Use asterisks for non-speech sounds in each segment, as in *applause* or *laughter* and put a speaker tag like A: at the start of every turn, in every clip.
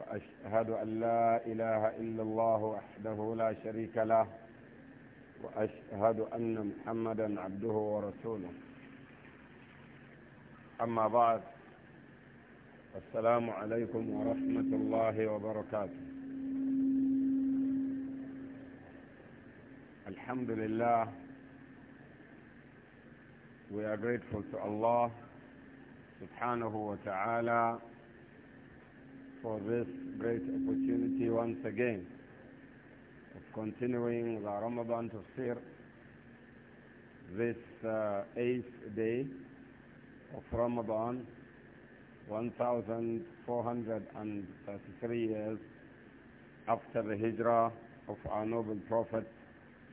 A: وأشهد أن لا إله إلا الله وحده لا شريك له وأشهد أن محمدا عبده ورسوله أما بعد السلام عليكم ورحمة الله وبركاته الحمد لله We are grateful to Allah subhanahu wa ta'ala for this great opportunity once again of continuing the Ramadan Tafsir this uh, eighth day of Ramadan 1433 years after the hijrah of our noble prophet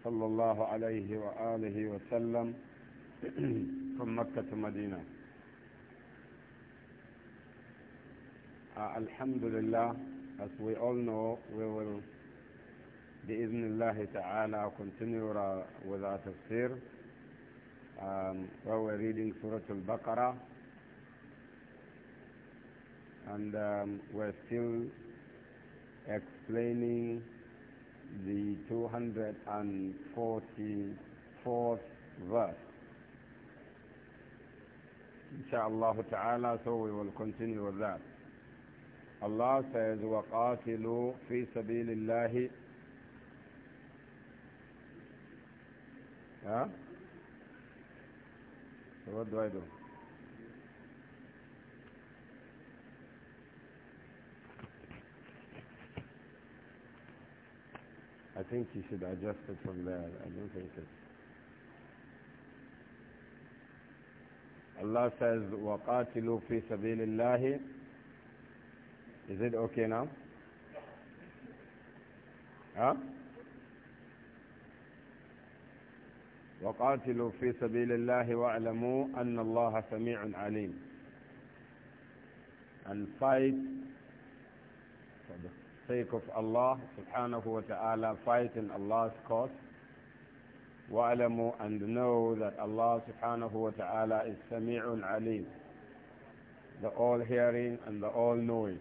A: sallallahu alayhi wa alihi wasallam, *clears throat* from Mecca to Medina Uh, Alhamdulillah, as we all know, we will, bi'idhnillahi ta'ala, continue our, with our tafsir, um, where we're reading Surah Al-Baqarah, and um, we're still explaining the 244th verse. Insha'Allah ta'ala, so we will continue with that. Allah says, وَقَاتِلُوا فِي سَبِيلِ اللَّهِ huh? So what do I do? I think you should adjust it from there. I don't think it's... Allah says, وَقَاتِلُوا فِي سَبِيلِ اللَّهِ is it okay now? Huh? وقاتلوا في سبيل الله واعلموا أن الله سميع عليم and fight for the sake of Allah subhanahu wa ta'ala fight in Allah's cause وَأَلَمُوا and know that Allah subhanahu wa ta'ala is سَمِيعٌ عَلِيمٌ the all-hearing and the all-knowing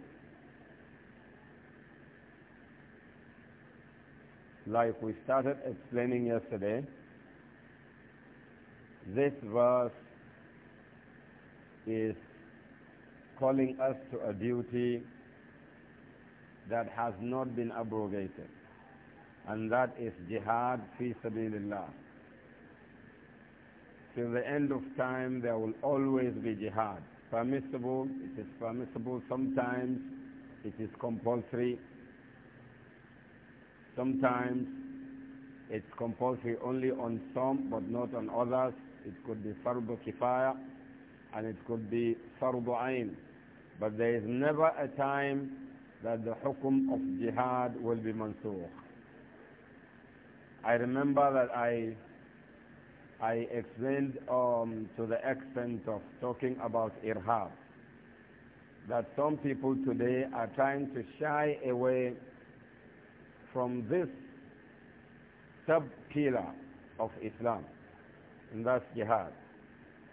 A: like we started explaining yesterday, this verse is calling us to a duty that has not been abrogated, and that is jihad fi sabilillah. Till the end of time, there will always be jihad. Permissible, it is permissible sometimes, it is compulsory, Sometimes it's compulsory only on some but not on others. It could be fardu kifaya and it could be fardu ain. But there is never a time that the hukum of jihad will be mansoor. I remember that I I explained um, to the extent of talking about irhab that some people today are trying to shy away from this sub-pillar of Islam, and that's jihad.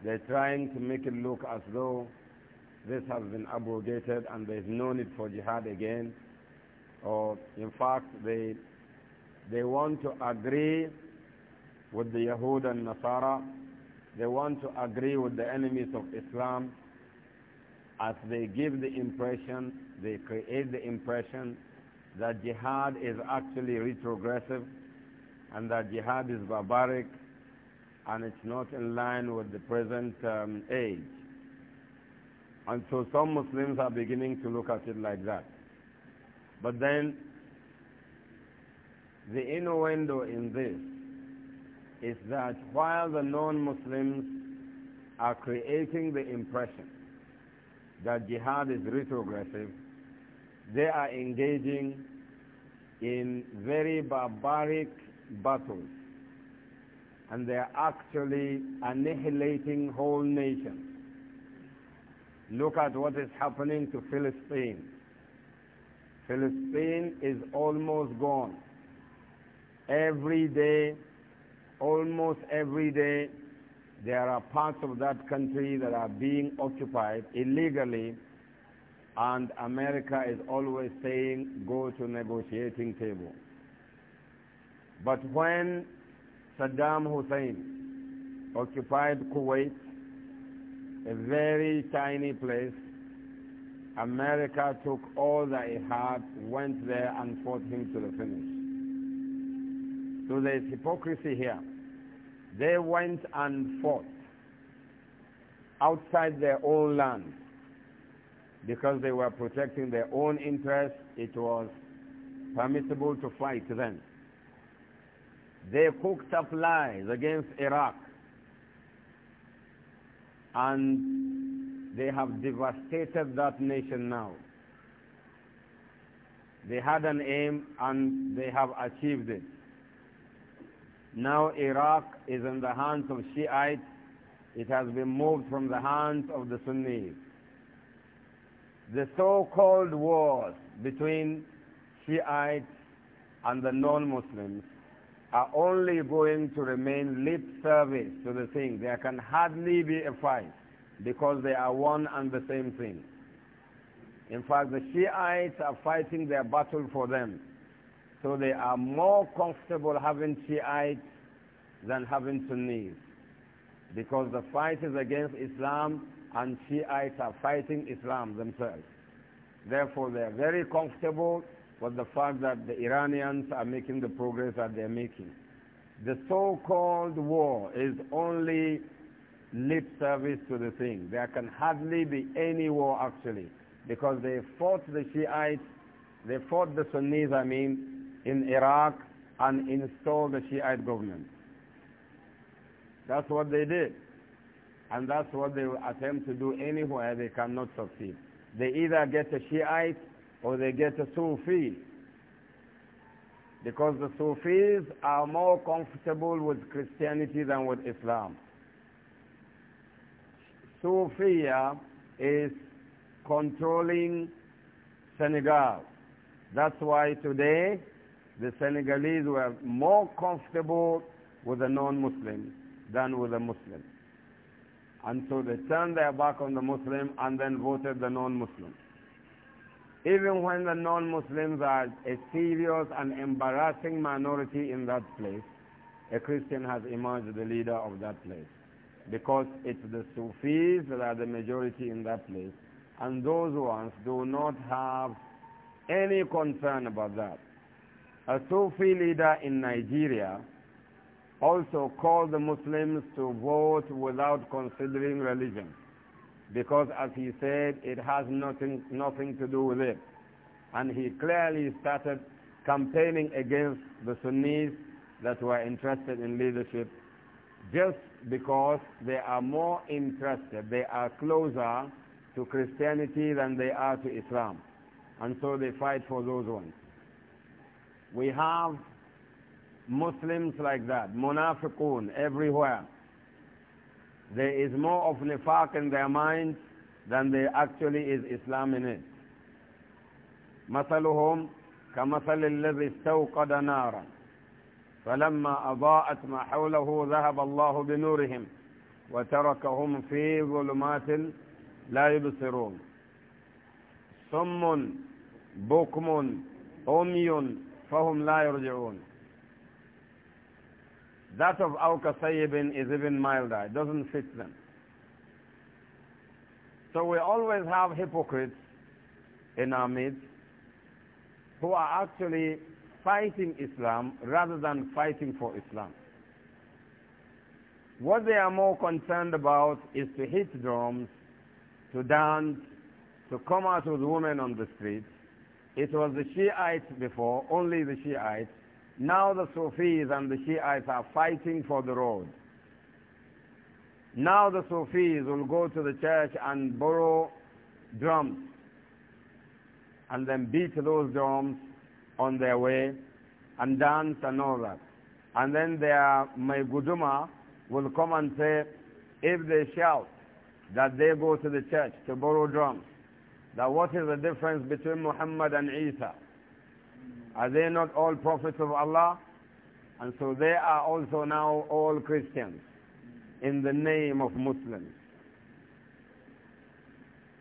A: They're trying to make it look as though this has been abrogated and there's no need for jihad again. Or in fact, they, they want to agree with the Yahud and Nasara. They want to agree with the enemies of Islam as they give the impression, they create the impression that jihad is actually retrogressive and that jihad is barbaric and it's not in line with the present um, age. And so some Muslims are beginning to look at it like that. But then the innuendo in this is that while the non-Muslims are creating the impression that jihad is retrogressive, they are engaging in very barbaric battles and they are actually annihilating whole nations. Look at what is happening to Philistine. Philistine is almost gone. Every day, almost every day, there are parts of that country that are being occupied illegally and America is always saying, go to negotiating table. But when Saddam Hussein occupied Kuwait, a very tiny place, America took all that it had, went there and fought him to the finish. So there's hypocrisy here. They went and fought outside their own land because they were protecting their own interests, it was permissible to fight them. They cooked up lies against Iraq and they have devastated that nation now. They had an aim and they have achieved it. Now Iraq is in the hands of Shiites. It has been moved from the hands of the Sunnis the so-called wars between Shiites and the non-Muslims are only going to remain lip service to the thing. There can hardly be a fight because they are one and the same thing. In fact, the Shiites are fighting their battle for them. So they are more comfortable having Shiites than having Sunnis. Because the fight is against Islam and Shiites are fighting Islam themselves. Therefore, they are very comfortable with the fact that the Iranians are making the progress that they are making. The so-called war is only lip service to the thing. There can hardly be any war actually because they fought the Shiites, they fought the Sunnis, I mean, in Iraq and installed the Shiite government. That's what they did. And that's what they attempt to do anywhere they cannot succeed. They either get a Shiite or they get a Sufi. Because the Sufis are more comfortable with Christianity than with Islam. Sufia is controlling Senegal. That's why today the Senegalese were more comfortable with a non muslim than with a Muslim. And so they turned their back on the Muslim and then voted the non-Muslim. Even when the non-Muslims are a serious and embarrassing minority in that place, a Christian has emerged the leader of that place. Because it's the Sufis that are the majority in that place. And those ones do not have any concern about that. A Sufi leader in Nigeria also call the Muslims to vote without considering religion. Because as he said, it has nothing, nothing to do with it. And he clearly started campaigning against the Sunnis that were interested in leadership just because they are more interested, they are closer to Christianity than they are to Islam. And so they fight for those ones. We have Muslims like that, munafiqun everywhere. There is more of nifaq in their minds than there actually is Islam in it. مثلهم كمثل الذي استوقد نارا فلما أضاءت ما حوله ذهب الله بنورهم وتركهم في ظلمات لا يبصرون صم بكم أمي فهم لا يرجعون That of Al-Qasayyibin is even milder. It doesn't fit them. So we always have hypocrites in our midst who are actually fighting Islam rather than fighting for Islam. What they are more concerned about is to hit drums, to dance, to come out with women on the street. It was the Shiites before, only the Shiites, now the Sufis and the Shiites are fighting for the road. Now the Sufis will go to the church and borrow drums and then beat those drums on their way and dance and all that. And then their Maiguduma will come and say, if they shout that they go to the church to borrow drums, that what is the difference between Muhammad and Isa? Are they not all prophets of Allah? And so they are also now all Christians in the name of Muslims.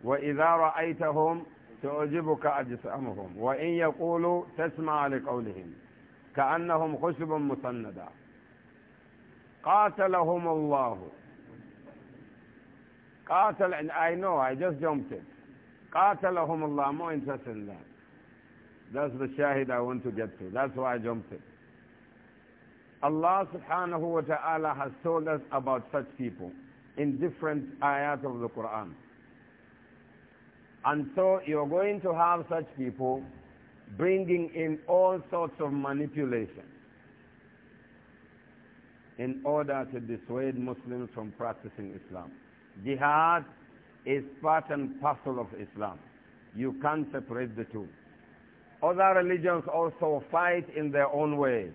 A: وإذا رأيتهم تعجبك أجسامهم وإن يقولوا تسمع لقولهم كأنهم خشب مسندة قاتلهم الله قاتل I know I just jumped it قاتلهم الله I'm more interested in that that's the shahid I want to get to. That's why I jumped in. Allah subhanahu wa ta'ala has told us about such people in different ayat of the Quran. And so you're going to have such people bringing in all sorts of manipulation in order to dissuade Muslims from practicing Islam. Jihad is part and parcel of Islam. You can't separate the two. Other religions also fight in their own ways.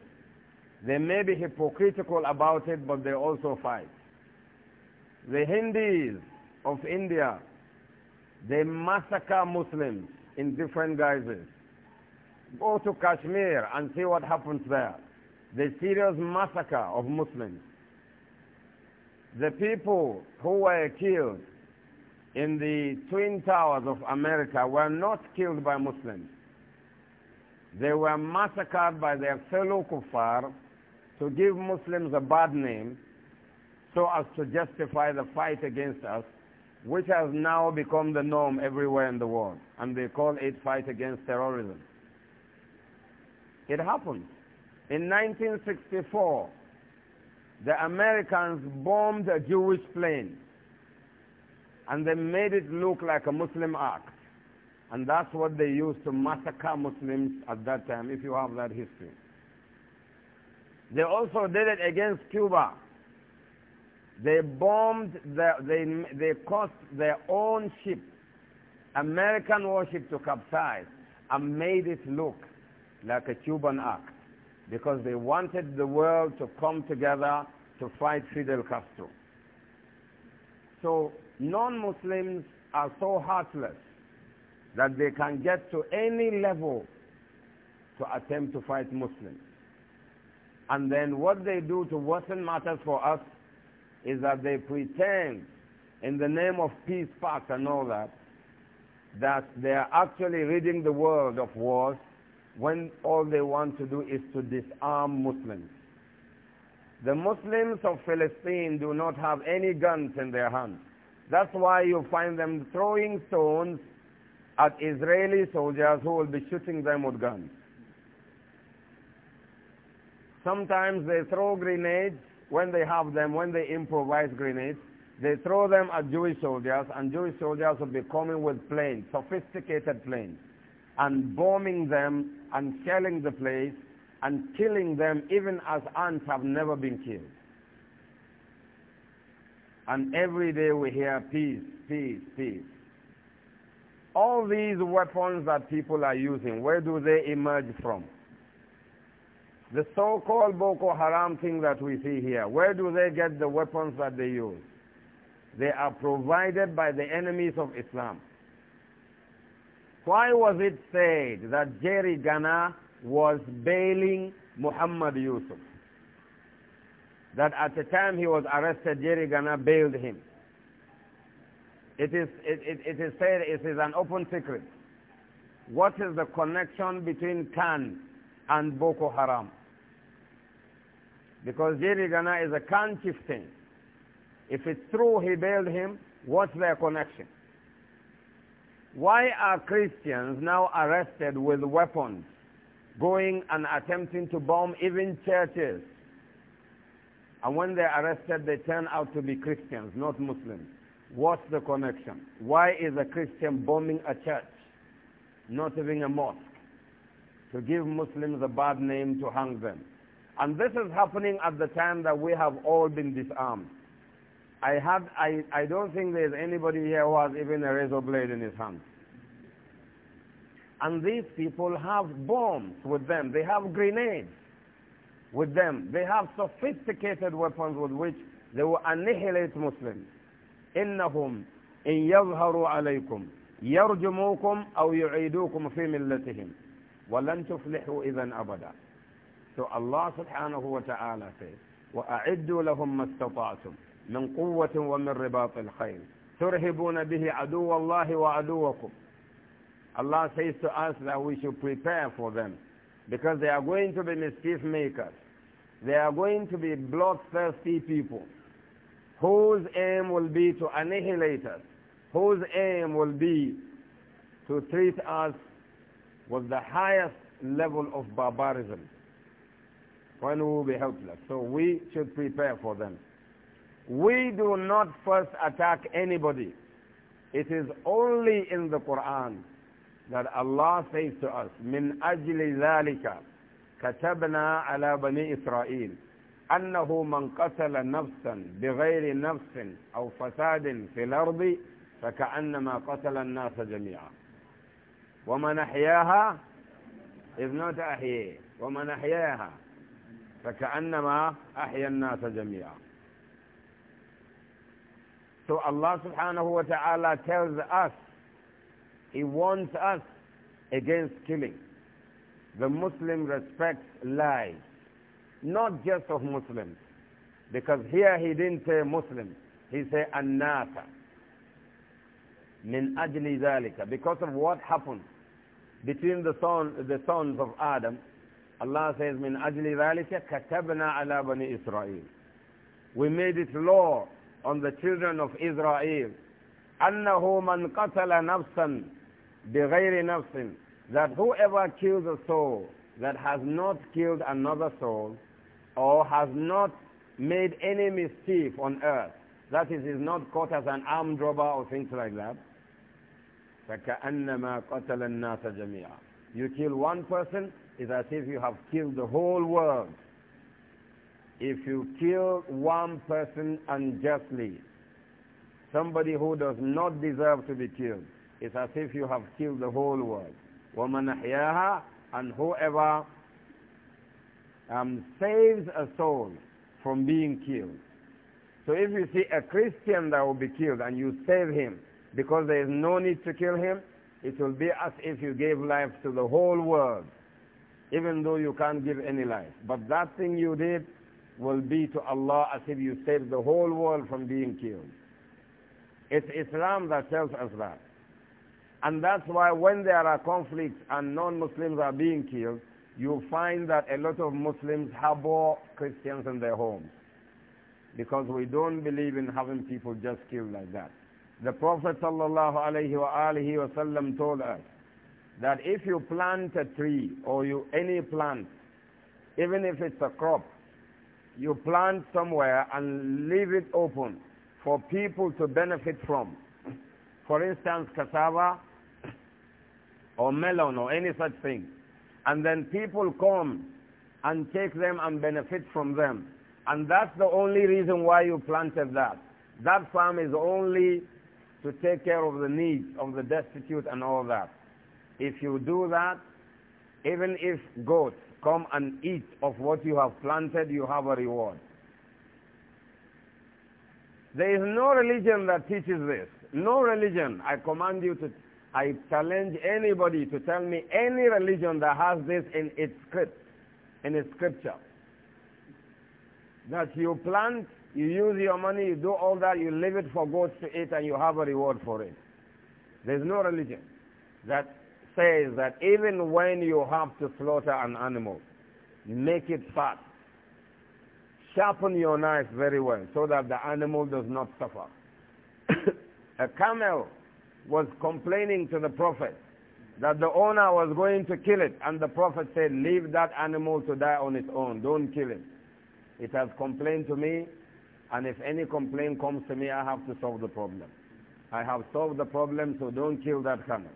A: They may be hypocritical about it, but they also fight. The Hindus of India, they massacre Muslims in different guises. Go to Kashmir and see what happens there. The serious massacre of Muslims. The people who were killed in the Twin Towers of America were not killed by Muslims. They were massacred by their fellow kuffar to give Muslims a bad name so as to justify the fight against us, which has now become the norm everywhere in the world. And they call it fight against terrorism. It happened. In 1964, the Americans bombed a Jewish plane and they made it look like a Muslim ark. And that's what they used to massacre Muslims at that time, if you have that history. They also did it against Cuba. They bombed, the, they, they caused their own ship, American warship, to capsize and made it look like a Cuban act because they wanted the world to come together to fight Fidel Castro. So non-Muslims are so heartless that they can get to any level to attempt to fight Muslims. And then what they do to worsen matters for us is that they pretend in the name of peace pact and all that, that they are actually ridding the world of wars when all they want to do is to disarm Muslims. The Muslims of Palestine do not have any guns in their hands. That's why you find them throwing stones at Israeli soldiers who will be shooting them with guns. Sometimes they throw grenades when they have them, when they improvise grenades. They throw them at Jewish soldiers, and Jewish soldiers will be coming with planes, sophisticated planes, and bombing them and shelling the place and killing them even as ants have never been killed. And every day we hear peace, peace, peace. All these weapons that people are using, where do they emerge from? The so-called Boko Haram thing that we see here, where do they get the weapons that they use? They are provided by the enemies of Islam. Why was it said that Jerry Ghana was bailing Muhammad Yusuf? That at the time he was arrested, Jerry Ghana bailed him. It is, it, it, it is said it is an open secret. What is the connection between Khan and Boko Haram? Because Jerry Gana is a Khan chieftain. If it's true he bailed him, what's their connection? Why are Christians now arrested with weapons, going and attempting to bomb even churches? And when they're arrested, they turn out to be Christians, not Muslims. What's the connection? Why is a Christian bombing a church, not even a mosque, to give Muslims a bad name to hang them? And this is happening at the time that we have all been disarmed. I, have, I, I don't think there's anybody here who has even a razor blade in his hand. And these people have bombs with them. They have grenades with them. They have sophisticated weapons with which they will annihilate Muslims. إنهم إن يظهروا عليكم يرجموكم أو يعيدوكم في ملتهم ولن تفلحوا إذا أبدا So Allah سبحانه وتعالى فيه says, وَأَعِدُّوا لَهُمْ مَا اسْتَطَعْتُمْ مِنْ قُوَّةٍ وَمِنْ رِبَاطِ الْخَيْلِ تُرْهِبُونَ بِهِ عَدُوَّ اللَّهِ وَعَدُوَّكُمْ Allah says to us that we should prepare for them because they are going to be mischief makers. They are going to be bloodthirsty people. whose aim will be to annihilate us, whose aim will be to treat us with the highest level of barbarism when we will be helpless. So we should prepare for them. We do not first attack anybody. It is only in the Quran that Allah says to us, Min أجل ذلك كتبنا على بني إسرائيل أنه من قتل نفسا بغير نفس أو فساد في الأرض فكأنما قتل الناس جميعا ومن أحياها إذ نوت أحيي ومن أحياها فكأنما أحيا الناس جميعا So Allah subhanahu wa ta'ala tells us, He warns us against killing. The Muslim respects lies. not just of Muslims. Because here he didn't say Muslims. He said Annata. Min ajli zalika. Because of what happened between the, son, the sons of Adam, Allah says, Min ajli zalika, katabna ala bani Israel. We made it law on the children of Israel annahu man قتل نفسا بغير نفس that whoever kills a soul that has not killed another soul or has not made any mischief on earth, that is, is not caught as an armed robber or things like that, فَكَأَنَّمَا قَتَلَ النَّاسَ جَمِيعًا You kill one person, it's as if you have killed the whole world. If you kill one person unjustly, somebody who does not deserve to be killed, it's as if you have killed the whole world. وَمَنْحِيَاهَا أَحْيَاهَا And whoever um, saves a soul from being killed. So if you see a Christian that will be killed and you save him because there is no need to kill him, it will be as if you gave life to the whole world, even though you can't give any life. But that thing you did will be to Allah as if you saved the whole world from being killed. It's Islam that tells us that. And that's why when there are conflicts and non-Muslims are being killed, you find that a lot of Muslims harbor Christians in their homes because we don't believe in having people just killed like that. The Prophet ﷺ told us that if you plant a tree or you any plant, even if it's a crop, you plant somewhere and leave it open for people to benefit from. For instance, cassava or melon or any such thing and then people come and take them and benefit from them. And that's the only reason why you planted that. That farm is only to take care of the needs of the destitute and all that. If you do that, even if goats come and eat of what you have planted, you have a reward. There is no religion that teaches this. No religion. I command you to I challenge anybody to tell me any religion that has this in its script, in its scripture. That you plant, you use your money, you do all that, you leave it for goats to eat, and you have a reward for it. There's no religion that says that even when you have to slaughter an animal, make it fat. Sharpen your knife very well so that the animal does not suffer. *coughs* a camel was complaining to the Prophet that the owner was going to kill it. And the Prophet said, leave that animal to die on its own. Don't kill it. It has complained to me. And if any complaint comes to me, I have to solve the problem. I have solved the problem, so don't kill that camel.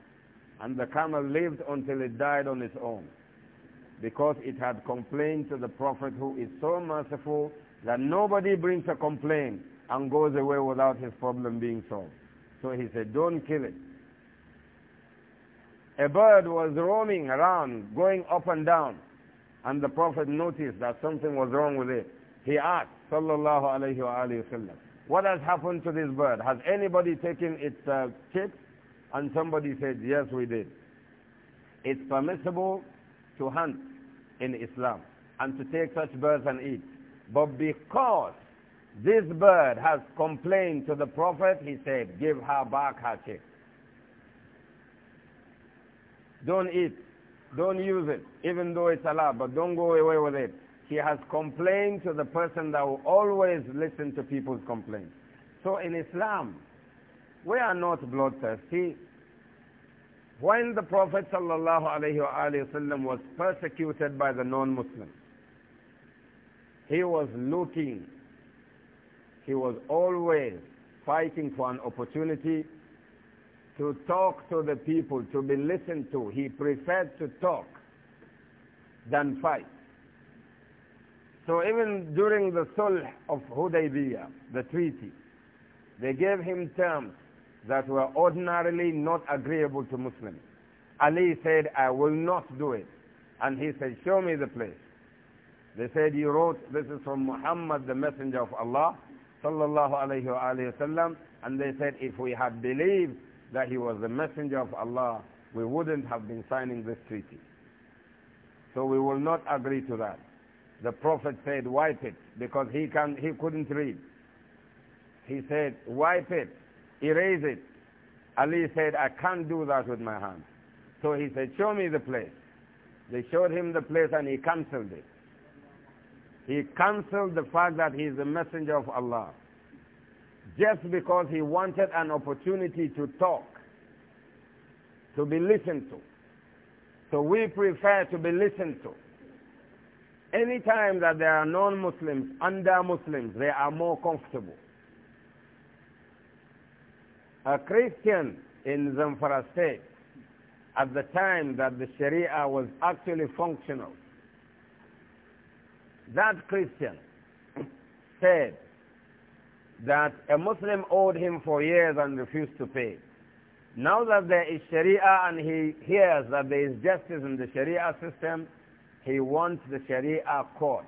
A: And the camel lived until it died on its own. Because it had complained to the Prophet who is so merciful that nobody brings a complaint and goes away without his problem being solved. So he said, don't kill it. A bird was roaming around, going up and down, and the Prophet noticed that something was wrong with it. He asked, sallallahu alayhi wa sallam, what has happened to this bird? Has anybody taken its uh, chicks? And somebody said, yes, we did. It's permissible to hunt in Islam and to take such birds and eat. But because this bird has complained to the Prophet. He said, give her back her chick. Don't eat. Don't use it, even though it's allowed, but don't go away with it. He has complained to the person that will always listen to people's complaints. So in Islam, we are not bloodthirsty. When the Prophet ﷺ was persecuted by the non-Muslims, he was looking he was always fighting for an opportunity to talk to the people, to be listened to. He preferred to talk than fight. So even during the Sulh of Hudaybiyah, the treaty, they gave him terms that were ordinarily not agreeable to Muslims. Ali said, I will not do it. And he said, show me the place. They said, you wrote, this is from Muhammad, the messenger of Allah, sallallahu alayhi wa sallam and they said if we had believed that he was the messenger of Allah, we wouldn't have been signing this treaty. So we will not agree to that. The Prophet said, wipe it, because he, can, he couldn't read. He said, wipe it, erase it. Ali said, I can't do that with my hands. So he said, show me the place. They showed him the place and he cancelled it. He cancelled the fact that he is a messenger of Allah just because he wanted an opportunity to talk, to be listened to. So we prefer to be listened to. Anytime that there are non-Muslims under Muslims, they are more comfortable. A Christian in Zamfara state, at the time that the Sharia was actually functional, that Christian said that a Muslim owed him for years and refused to pay. Now that there is Sharia and he hears that there is justice in the Sharia system, he wants the Sharia court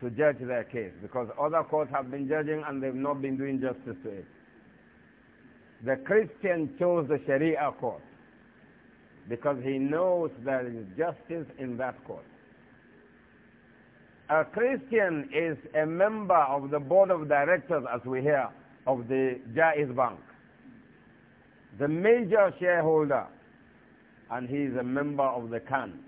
A: to judge their case because other courts have been judging and they've not been doing justice to it. The Christian chose the Sharia court because he knows there is justice in that court. A Christian is a member of the board of directors, as we hear, of the Jaiz Bank, the major shareholder, and he is a member of the Khan.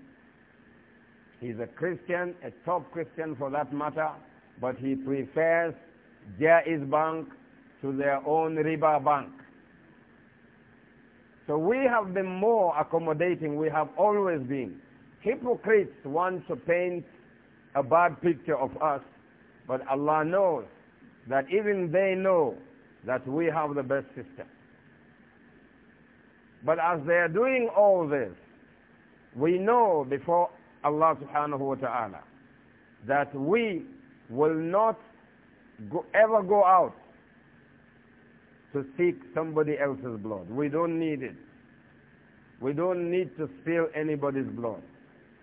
A: He is a Christian, a top Christian for that matter, but he prefers Jaiz Bank to their own riba bank. So we have been more accommodating. We have always been. Hypocrites want to paint a bad picture of us, but Allah knows that even they know that we have the best system. But as they are doing all this, we know before Allah subhanahu wa ta'ala that we will not go, ever go out to seek somebody else's blood. We don't need it. We don't need to spill anybody's blood.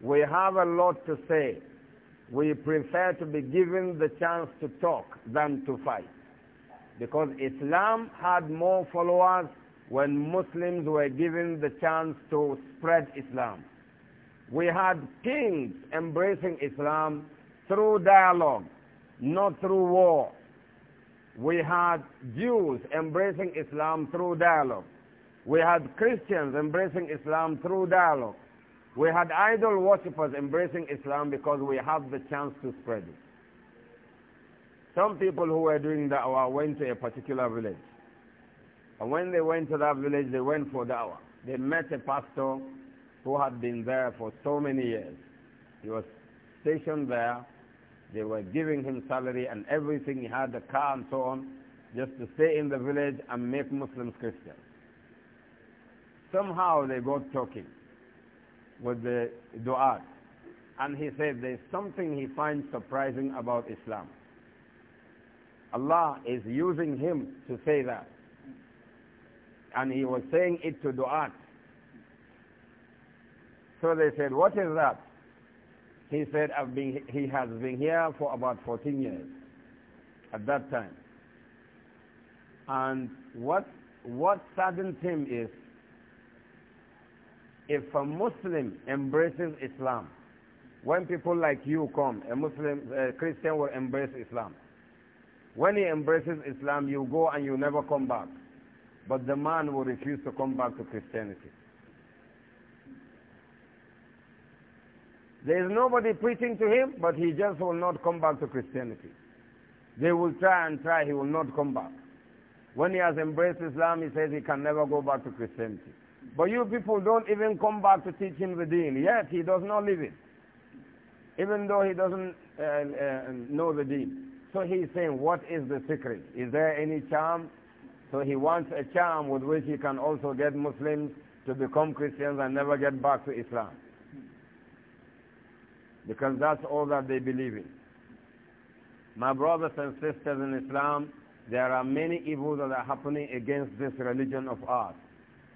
A: We have a lot to say we prefer to be given the chance to talk than to fight. Because Islam had more followers when Muslims were given the chance to spread Islam. We had kings embracing Islam through dialogue, not through war. We had Jews embracing Islam through dialogue. We had Christians embracing Islam through dialogue. We had idol worshippers embracing Islam because we have the chance to spread it. Some people who were doing da'wah went to a particular village. And when they went to that village, they went for da'wah. They met a pastor who had been there for so many years. He was stationed there. They were giving him salary and everything. He had a car and so on, just to stay in the village and make Muslims Christians. Somehow they got talking with the dua. And he said there's something he finds surprising about Islam. Allah is using him to say that. And he was saying it to du'at. So they said, what is that? He said, I've been, he has been here for about 14 years at that time. And what, what saddens him is if a Muslim embraces Islam, when people like you come, a Muslim, a Christian will embrace Islam. When he embraces Islam, you go and you never come back. But the man will refuse to come back to Christianity. There is nobody preaching to him, but he just will not come back to Christianity. They will try and try, he will not come back. When he has embraced Islam, he says he can never go back to Christianity. But you people don't even come back to teach him the deen. Yet he does not live it. Even though he doesn't uh, uh, know the deen. So he's saying, what is the secret? Is there any charm? So he wants a charm with which he can also get Muslims to become Christians and never get back to Islam. Because that's all that they believe in. My brothers and sisters in Islam, there are many evils that are happening against this religion of ours.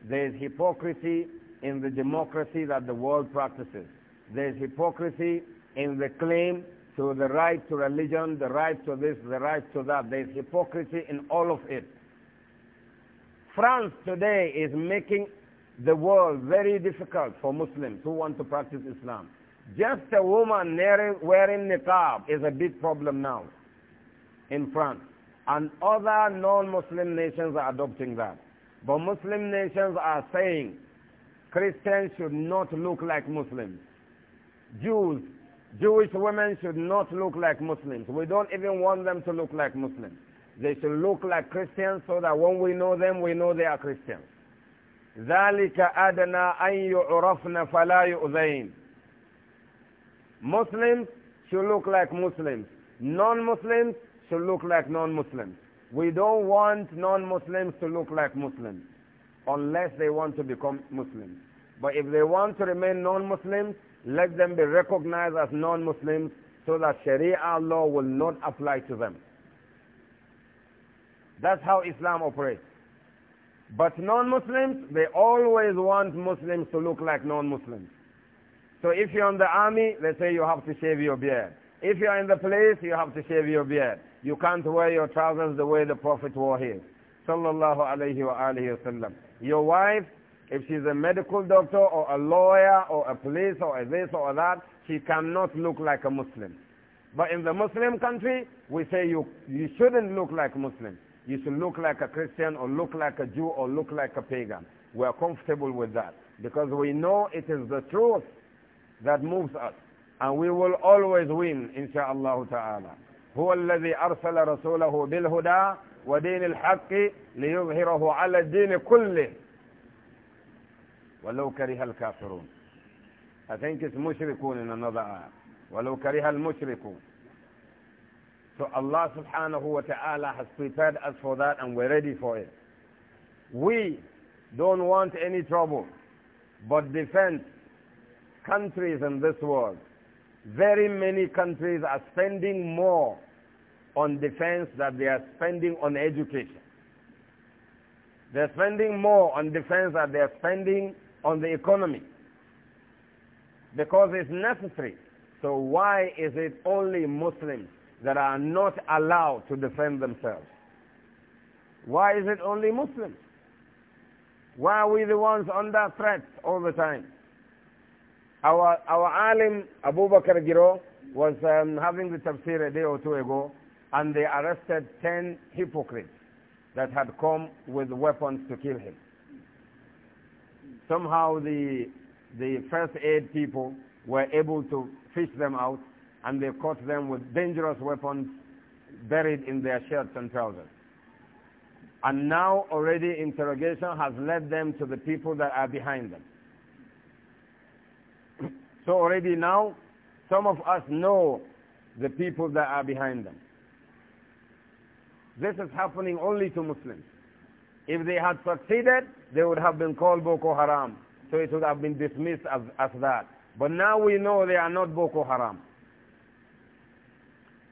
A: There is hypocrisy in the democracy that the world practices. There is hypocrisy in the claim to the right to religion, the right to this, the right to that. There is hypocrisy in all of it. France today is making the world very difficult for Muslims who want to practice Islam. Just a woman wearing niqab is a big problem now in France. And other non-Muslim nations are adopting that. But Muslim nations are saying Christians should not look like Muslims. Jews, Jewish women should not look like Muslims. We don't even want them to look like Muslims. They should look like Christians so that when we know them, we know they are Christians. ذلك أن يعرفن فلا يؤذين Muslims should look like Muslims. Non-Muslims should look like non-Muslims. We don't want non-Muslims to look like Muslims unless they want to become Muslims. But if they want to remain non-Muslims, let them be recognized as non-Muslims so that Sharia law will not apply to them. That's how Islam operates. But non-Muslims, they always want Muslims to look like non-Muslims. So if you're in the army, they say you have to shave your beard. If you're in the police, you have to shave your beard. You can't wear your trousers the way the Prophet wore his. Sallallahu alayhi wa alayhi wasallam. Your wife, if she's a medical doctor or a lawyer or a police or a this or that, she cannot look like a Muslim. But in the Muslim country, we say you, you shouldn't look like Muslim. You should look like a Christian or look like a Jew or look like a pagan. We are comfortable with that because we know it is the truth that moves us. And we will always win, insha'Allah ta'ala. هو الذي أرسل رسوله بالهدى ودين الحق ليظهره على الدين كله ولو كره الكافرون I think it's mushrikun in another ولو كره المشركون So Allah subhanahu wa ta'ala has prepared us for that and we're ready for it. We don't want any trouble, but defend countries in this world Very many countries are spending more on defense than they are spending on education. They're spending more on defense than they're spending on the economy. Because it's necessary. So why is it only Muslims that are not allowed to defend themselves? Why is it only Muslims? Why are we the ones under threat all the time? Our, our alim, Abu Bakr Giro, was um, having the tafsir a day or two ago, and they arrested 10 hypocrites that had come with weapons to kill him. Somehow the, the first aid people were able to fish them out, and they caught them with dangerous weapons buried in their shirts and trousers. And now already interrogation has led them to the people that are behind them. So already now, some of us know the people that are behind them. This is happening only to Muslims. If they had succeeded, they would have been called Boko Haram. So it would have been dismissed as, as that. But now we know they are not Boko Haram.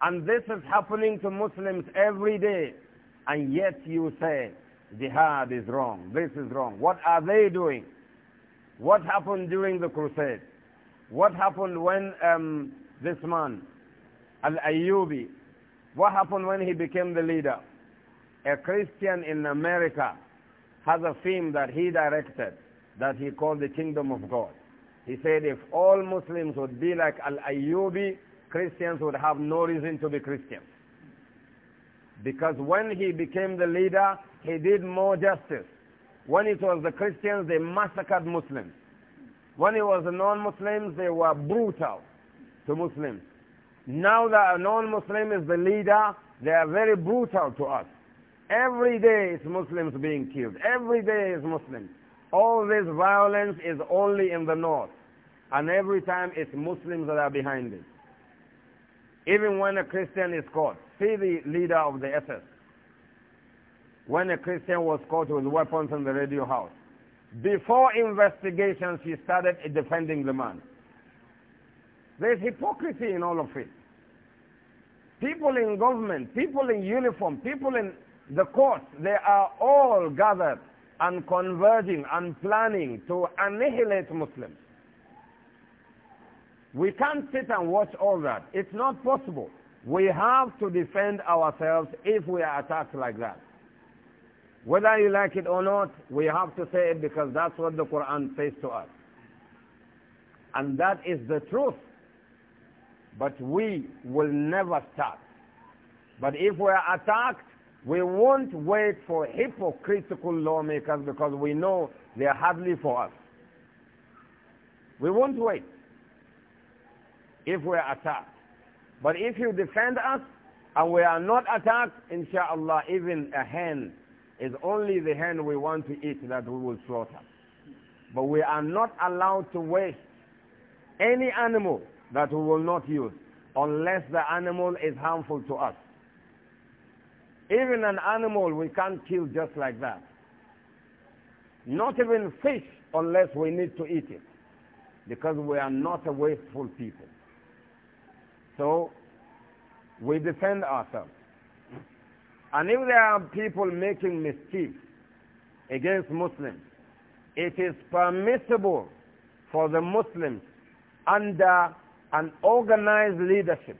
A: And this is happening to Muslims every day. And yet you say, jihad is wrong, this is wrong. What are they doing? What happened during the crusade? What happened when um, this man, Al-Ayyubi, what happened when he became the leader? A Christian in America has a film that he directed that he called the Kingdom of God. He said if all Muslims would be like Al-Ayyubi, Christians would have no reason to be Christians. Because when he became the leader, he did more justice. When it was the Christians, they massacred Muslims. When it was non-Muslims, they were brutal to Muslims. Now that a non-Muslim is the leader, they are very brutal to us. Every day it's Muslims being killed. Every day it's Muslims. All this violence is only in the north. And every time it's Muslims that are behind it. Even when a Christian is caught. See the leader of the SS. When a Christian was caught with weapons in the radio house. Before investigation, she started defending the man. There's hypocrisy in all of it. People in government, people in uniform, people in the courts, they are all gathered and converging and planning to annihilate Muslims. We can't sit and watch all that. It's not possible. We have to defend ourselves if we are attacked like that. Whether you like it or not, we have to say it because that's what the Quran says to us. And that is the truth. But we will never stop. But if we are attacked, we won't wait for hypocritical lawmakers because we know they are hardly for us. We won't wait if we are attacked. But if you defend us and we are not attacked, inshallah, even a hand it's only the hen we want to eat that we will slaughter. But we are not allowed to waste any animal that we will not use unless the animal is harmful to us. Even an animal we can't kill just like that. Not even fish unless we need to eat it. Because we are not a wasteful people. So, we defend ourselves. And if there are people making mischief against Muslims, it is permissible for the Muslims under an organized leadership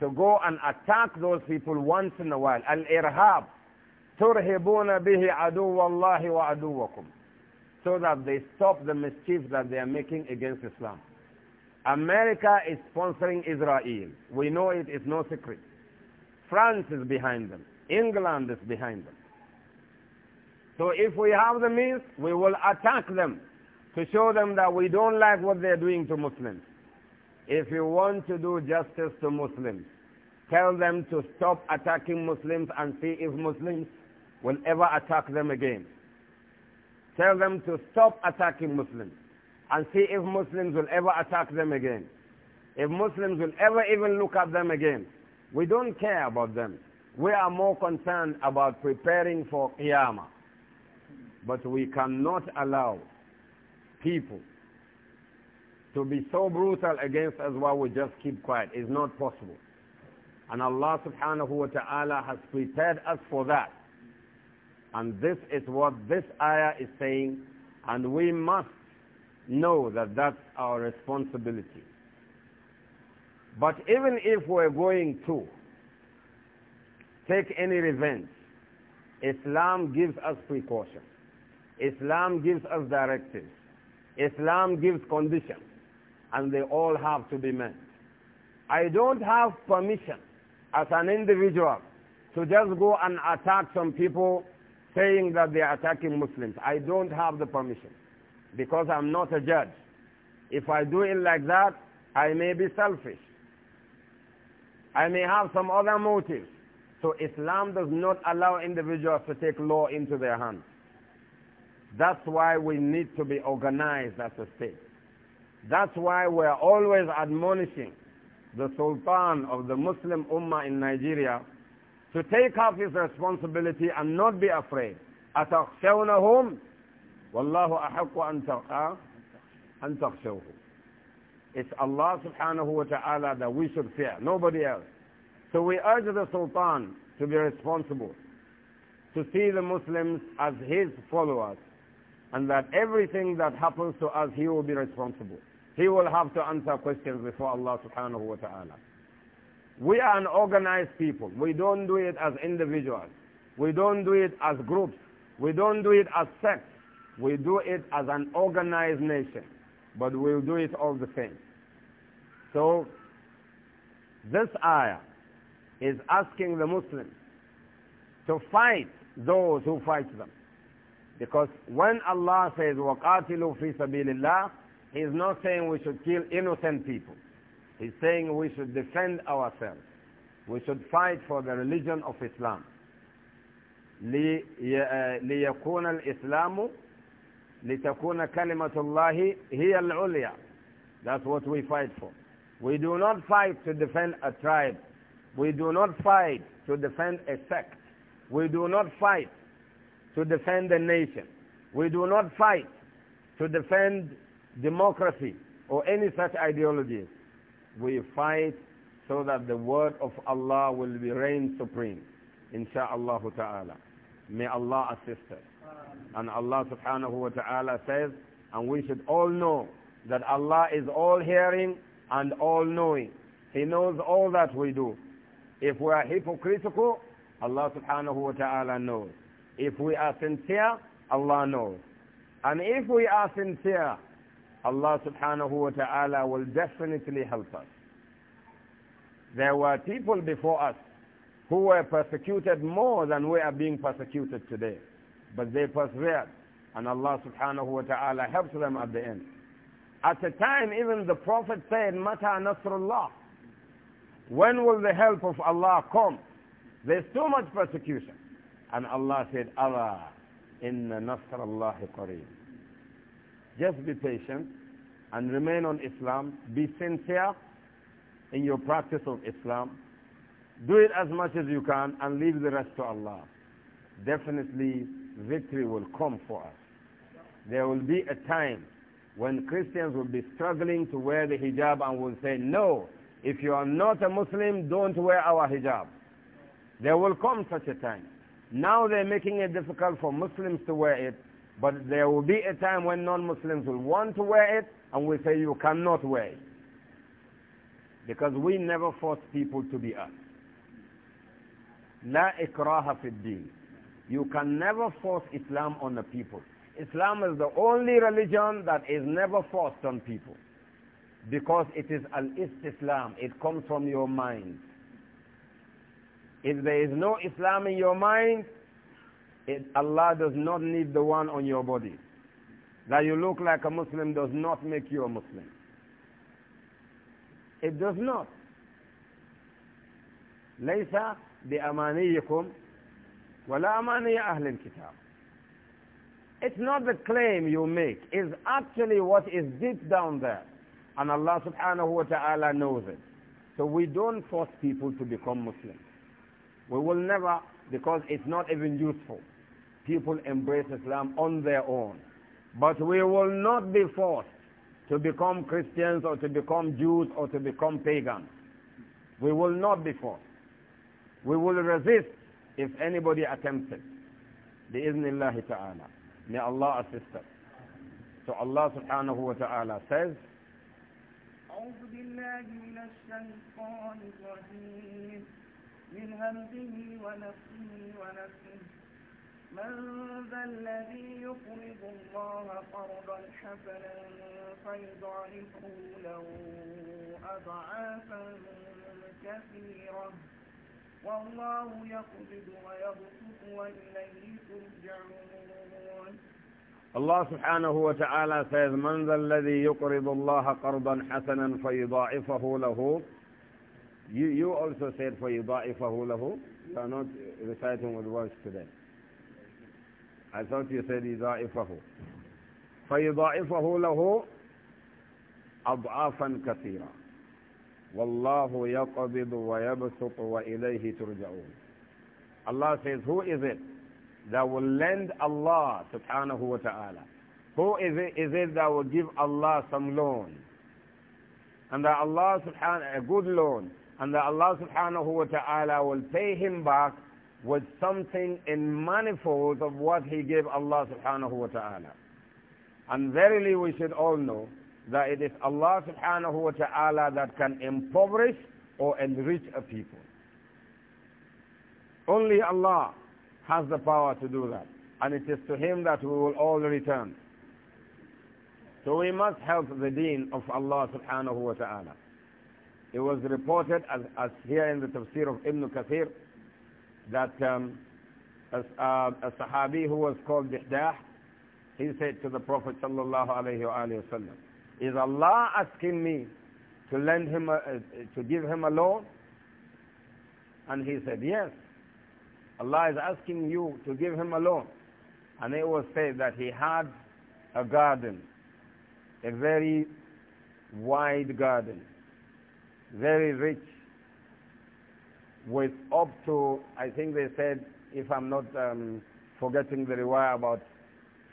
A: to go and attack those people once in a while. Al-irhab, ترهبون به عدو الله وعدوكم so that they stop the mischief that they are making against Islam. America is sponsoring Israel. We know it is no secret. France is behind them. England is behind them. So if we have the means, we will attack them to show them that we don't like what they're doing to Muslims. If you want to do justice to Muslims, tell them to stop attacking Muslims and see if Muslims will ever attack them again. Tell them to stop attacking Muslims and see if Muslims will ever attack them again. If Muslims will ever even look at them again. We don't care about them. We are more concerned about preparing for Qiyamah. But we cannot allow people to be so brutal against us while we just keep quiet. It's not possible. And Allah subhanahu wa ta'ala has prepared us for that. And this is what this ayah is saying. And we must know that that's our responsibility. But even if we're going to, take any revenge. Islam gives us precautions. Islam gives us directives. Islam gives conditions. And they all have to be met. I don't have permission as an individual to just go and attack some people saying that they are attacking Muslims. I don't have the permission because I'm not a judge. If I do it like that, I may be selfish. I may have some other motives. So Islam does not allow individuals to take law into their hands. That's why we need to be organized as a state. That's why we're always admonishing the Sultan of the Muslim Ummah in Nigeria to take up his responsibility and not be afraid. أَتَخْشَوْنَهُمْ وَاللَّهُ أَحَقُّ أَن تَخْشَوْهُ It's Allah subhanahu wa ta'ala that we should fear, nobody else. So we urge the Sultan to be responsible, to see the Muslims as his followers, and that everything that happens to us, he will be responsible. He will have to answer questions before Allah subhanahu wa ta'ala. We are an organized people. We don't do it as individuals. We don't do it as groups. We don't do it as sects. We do it as an organized nation. But we'll do it all the same. So, this ayah is asking the Muslims to fight those who fight them. Because when Allah says, وَقَاتِلُوا فِي سَبِيلِ اللَّهِ He is not saying we should kill innocent people. He's saying we should defend ourselves. We should fight for the religion of Islam. ليكون الإسلام لتكون كلمة الله هي العليا That's what we fight for. We do not fight to defend a tribe we do not fight to defend a sect. We do not fight to defend a nation. We do not fight to defend democracy or any such ideologies. We fight so that the word of Allah will be reign supreme. Insha'Allah ta'ala. May Allah assist us. And Allah subhanahu wa ta'ala says, and we should all know that Allah is all hearing and all knowing. He knows all that we do. If we are hypocritical, Allah subhanahu wa ta'ala knows. If we are sincere, Allah knows. And if we are sincere, Allah subhanahu wa ta'ala will definitely help us. There were people before us who were persecuted more than we are being persecuted today. But they persevered and Allah subhanahu wa ta'ala helps them at the end. At the time even the Prophet said, Mata Nasrullah. When will the help of Allah come? There's too much persecution. And Allah said, Allah, inna Allahi qareeb. Just be patient and remain on Islam. Be sincere in your practice of Islam. Do it as much as you can and leave the rest to Allah. Definitely victory will come for us. There will be a time when Christians will be struggling to wear the hijab and will say, no, if you are not a Muslim, don't wear our hijab. There will come such a time. Now they're making it difficult for Muslims to wear it, but there will be a time when non-Muslims will want to wear it and we say you cannot wear it. Because we never force people to be us. La ikraha fi din. You can never force Islam on the people. Islam is the only religion that is never forced on people because it is al-istislam. It comes from your mind. If there is no Islam in your mind, it, Allah does not need the one on your body. That you look like a Muslim does not make you a Muslim. It does not. ليس بأمانيكم ولا أماني أهل الكتاب. It's not the claim you make. It's actually what is deep down there. And Allah subhanahu wa ta'ala knows it. So we don't force people to become Muslims. We will never, because it's not even useful. People embrace Islam on their own. But we will not be forced to become Christians or to become Jews or to become pagans. We will not be forced. We will resist if anybody attempts it. بِإِذْنِ اللَّهِ Ta'ala. May Allah assist us. So Allah subhanahu wa ta'ala says, أعوذ بالله من الشيطان الرجيم من همزه ونفسه ونفسه من ذا الذي يقرض الله
B: قرضا حسنا فيضعفه له أضعافا كثيرة والله يقبض ويبسط وإليه ترجعون
A: الله سبحانه وتعالى says من ذا الذي يقرض الله قرضا حسنا فيضاعفه له you, you also said فيضاعفه له you are not reciting with words today I thought you said يضاعفه فيضاعفه له أضعافا كثيرا والله يقبض ويبسط وإليه ترجعون Allah says who is it that will lend Allah subhanahu wa ta'ala? Who is it, is it that will give Allah some loan? And that Allah subhanahu, a good loan, and that Allah subhanahu wa ta'ala will pay him back with something in manifold of what he gave Allah subhanahu wa ta'ala. And verily we should all know that it is Allah subhanahu wa ta'ala that can impoverish or enrich a people. Only Allah has the power to do that. And it is to him that we will all return. So we must help the deen of Allah subhanahu wa ta'ala. It was reported as, as here in the tafsir of Ibn Kathir that um, a, a, Sahabi who was called Dihdah, he said to the Prophet sallallahu alayhi wa sallam, is Allah asking me to lend him, a, uh, to give him a loan? And he said, yes. Allah is asking you to give him a loan. And it was said that he had a garden, a very wide garden, very rich, with up to, I think they said, if I'm not um, forgetting the rewire, about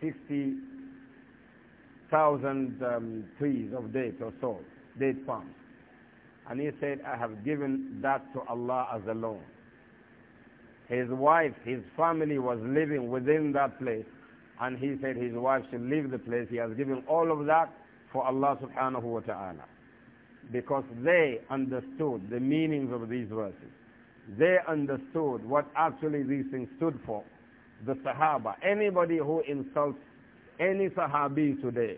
A: 60,000 um, trees of date or so, date palms. And he said, I have given that to Allah as a loan his wife, his family was living within that place, and he said his wife should leave the place. He has given all of that for Allah subhanahu wa ta'ala. Because they understood the meanings of these verses. They understood what actually these things stood for. The Sahaba, anybody who insults any Sahabi today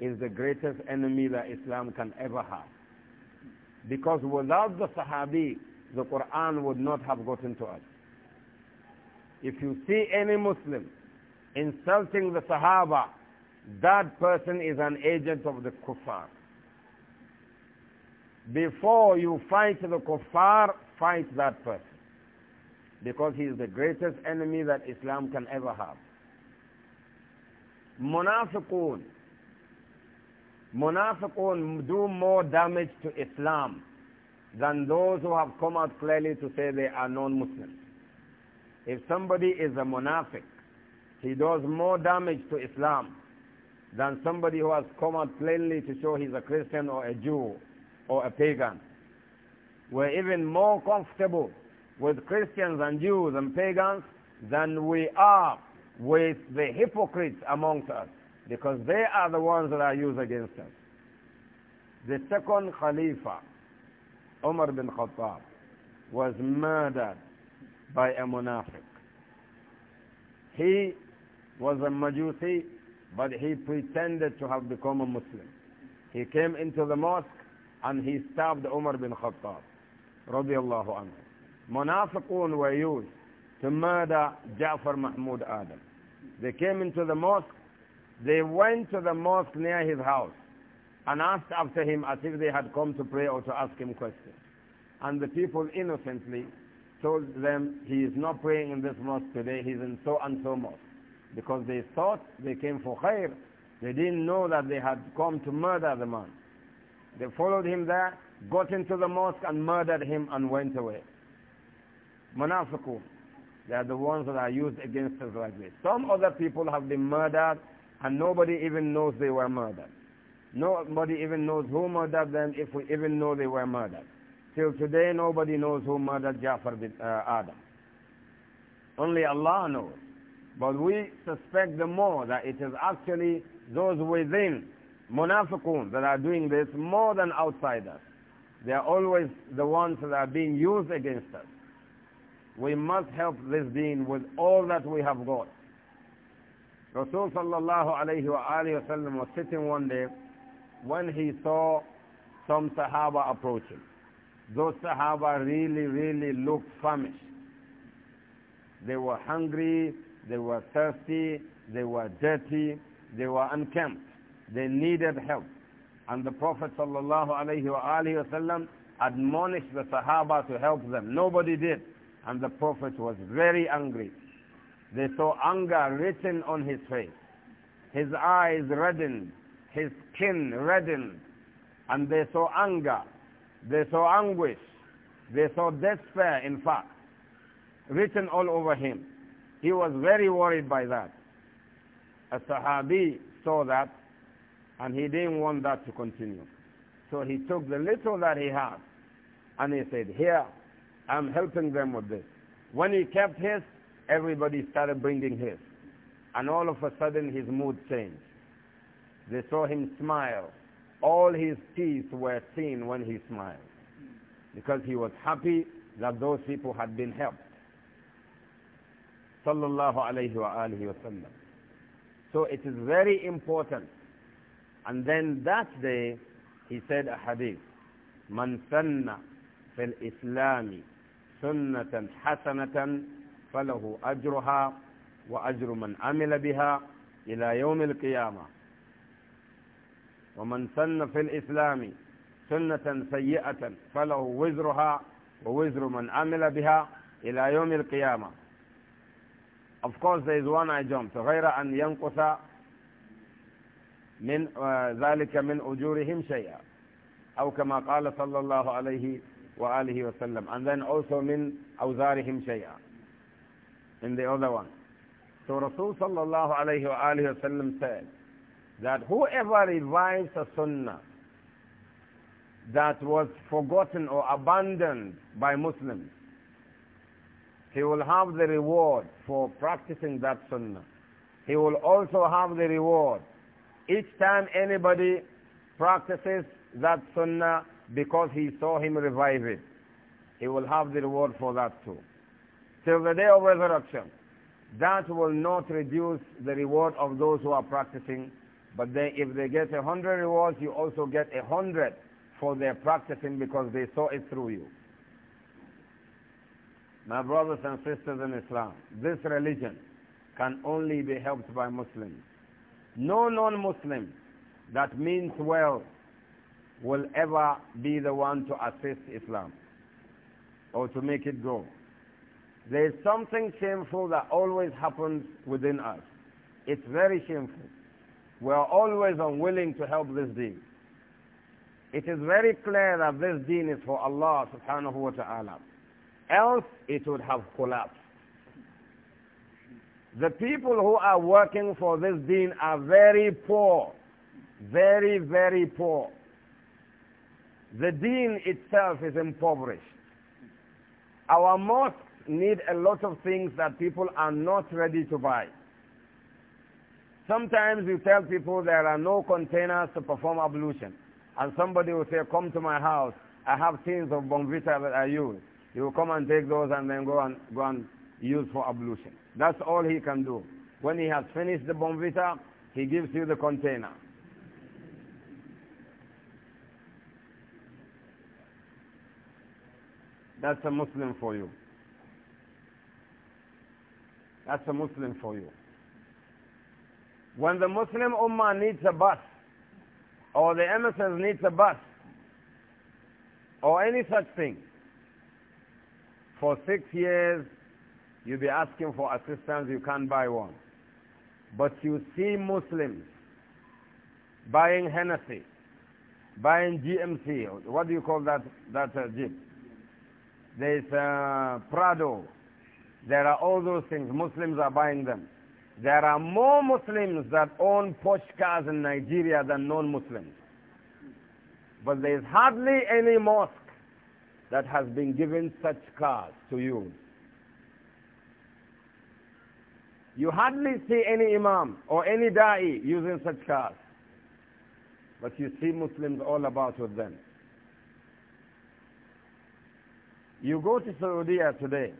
A: is the greatest enemy that Islam can ever have. Because without the Sahabi, the Quran would not have gotten to us. If you see any Muslim insulting the Sahaba, that person is an agent of the kuffar. Before you fight the kuffar, fight that person. Because he is the greatest enemy that Islam can ever have. Munafiqun. Munafiqun do more damage to Islam than those who have come out clearly to say they are non-Muslims. If somebody is a munafiq, he does more damage to Islam than somebody who has come out plainly to show he's a Christian or a Jew or a pagan. We're even more comfortable with Christians and Jews and pagans than we are with the hypocrites amongst us because they are the ones that are used against us. The second Khalifa, Umar bin Khattab, was murdered by a munafiq. He was a Majusi, but he pretended to have become a Muslim. He came into the mosque and he stabbed Umar bin Khattab, radiallahu anhu. Munafiqun were used to murder Ja'far Mahmud Adam. They came into the mosque, they went to the mosque near his house and asked after him as if they had come to pray or to ask him questions. And the people innocently told them he is not praying in this mosque today, he's in so and so mosque. Because they thought they came for khair. They didn't know that they had come to murder the man. They followed him there, got into the mosque and murdered him and went away. Munafiqun. They are the ones that are used against us like this. Some other people have been murdered and nobody even knows they were murdered. Nobody even knows who murdered them if we even know they were murdered. Till today, nobody knows who murdered Ja'far bin uh, Adam. Only Allah knows. But we suspect the more that it is actually those within, munafiqun, that are doing this more than outsiders. They are always the ones that are being used against us. We must help this deen with all that we have got. Rasul sallallahu alayhi wa was sitting one day when he saw some Sahaba approaching. Those Sahaba really, really looked famished. They were hungry, they were thirsty, they were dirty, they were unkempt. They needed help. And the Prophet ﷺ admonished the Sahaba to help them. Nobody did. And the Prophet was very angry. They saw anger written on his face. His eyes reddened, his skin reddened, and they saw anger they saw anguish. They saw despair, in fact, written all over him. He was very worried by that. A Sahabi saw that and he didn't want that to continue. So he took the little that he had and he said, here, I'm helping them with this. When he kept his, everybody started bringing his. And all of a sudden his mood changed. They saw him smile all his teeth were seen when he smiled because he was happy that those people had been helped. Sallallahu alayhi wa alihi wa sallam. So it is very important. And then that day, he said a hadith, من سن في الإسلام سنة حسنة فله أجرها وأجر من عمل بها إلى يوم القيامة ومن سن في الإسلام سنة سيئة فله وزرها ووزر من عمل بها إلى يوم القيامة Of course there is one I jumped غير أن ينقص من آه، ذلك من أجورهم شيئا أو كما قال صلى الله عليه وآله وسلم and then also من أوزارهم شيئا in the other one so Rasul صلى الله عليه وآله وسلم said that whoever revives a sunnah that was forgotten or abandoned by Muslims, he will have the reward for practicing that sunnah. He will also have the reward each time anybody practices that sunnah because he saw him revive it. He will have the reward for that too. Till the day of resurrection, that will not reduce the reward of those who are practicing but they, if they get a hundred rewards, you also get a hundred for their practicing because they saw it through you. My brothers and sisters in Islam, this religion can only be helped by Muslims. No non-Muslim that means well will ever be the one to assist Islam or to make it grow. There is something shameful that always happens within us. It's very shameful. We are always unwilling to help this deen. It is very clear that this deen is for Allah subhanahu wa ta'ala. Else it would have collapsed. The people who are working for this deen are very poor. Very, very poor. The deen itself is impoverished. Our mosques need a lot of things that people are not ready to buy. Sometimes you tell people there are no containers to perform ablution. And somebody will say, come to my house. I have tins of bombita that I use. You will come and take those and then go and, go and use for ablution. That's all he can do. When he has finished the bombita, he gives you the container. That's a Muslim for you. That's a Muslim for you. When the Muslim Ummah needs a bus, or the MSS needs a bus, or any such thing, for six years, you'll be asking for assistance, you can't buy one. But you see Muslims buying Hennessy, buying GMC, what do you call that, that uh, jeep? There's uh, Prado. There are all those things. Muslims are buying them. There are more Muslims that own Porsche cars in Nigeria than non-Muslims. But there is hardly any mosque that has been given such cars to use. You hardly see any imam or any da'i using such cars. But you see Muslims all about with them. You go to Saudi today,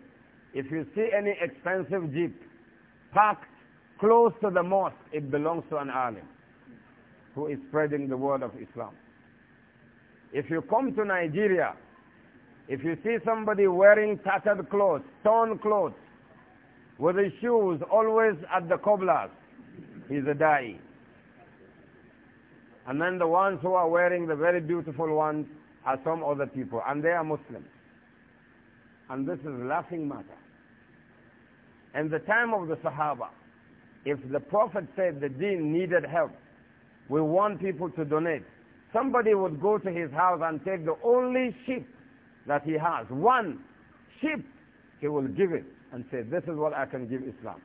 A: if you see any expensive jeep parked close to the mosque, it belongs to an alim who is spreading the word of Islam. If you come to Nigeria, if you see somebody wearing tattered clothes, torn clothes, with his shoes always at the cobbler's, he's a da'i. And then the ones who are wearing the very beautiful ones are some other people, and they are Muslims. And this is a laughing matter. In the time of the Sahaba, if the Prophet said the deen needed help, we want people to donate. Somebody would go to his house and take the only sheep that he has, one sheep, he will give it and say, this is what I can give Islam.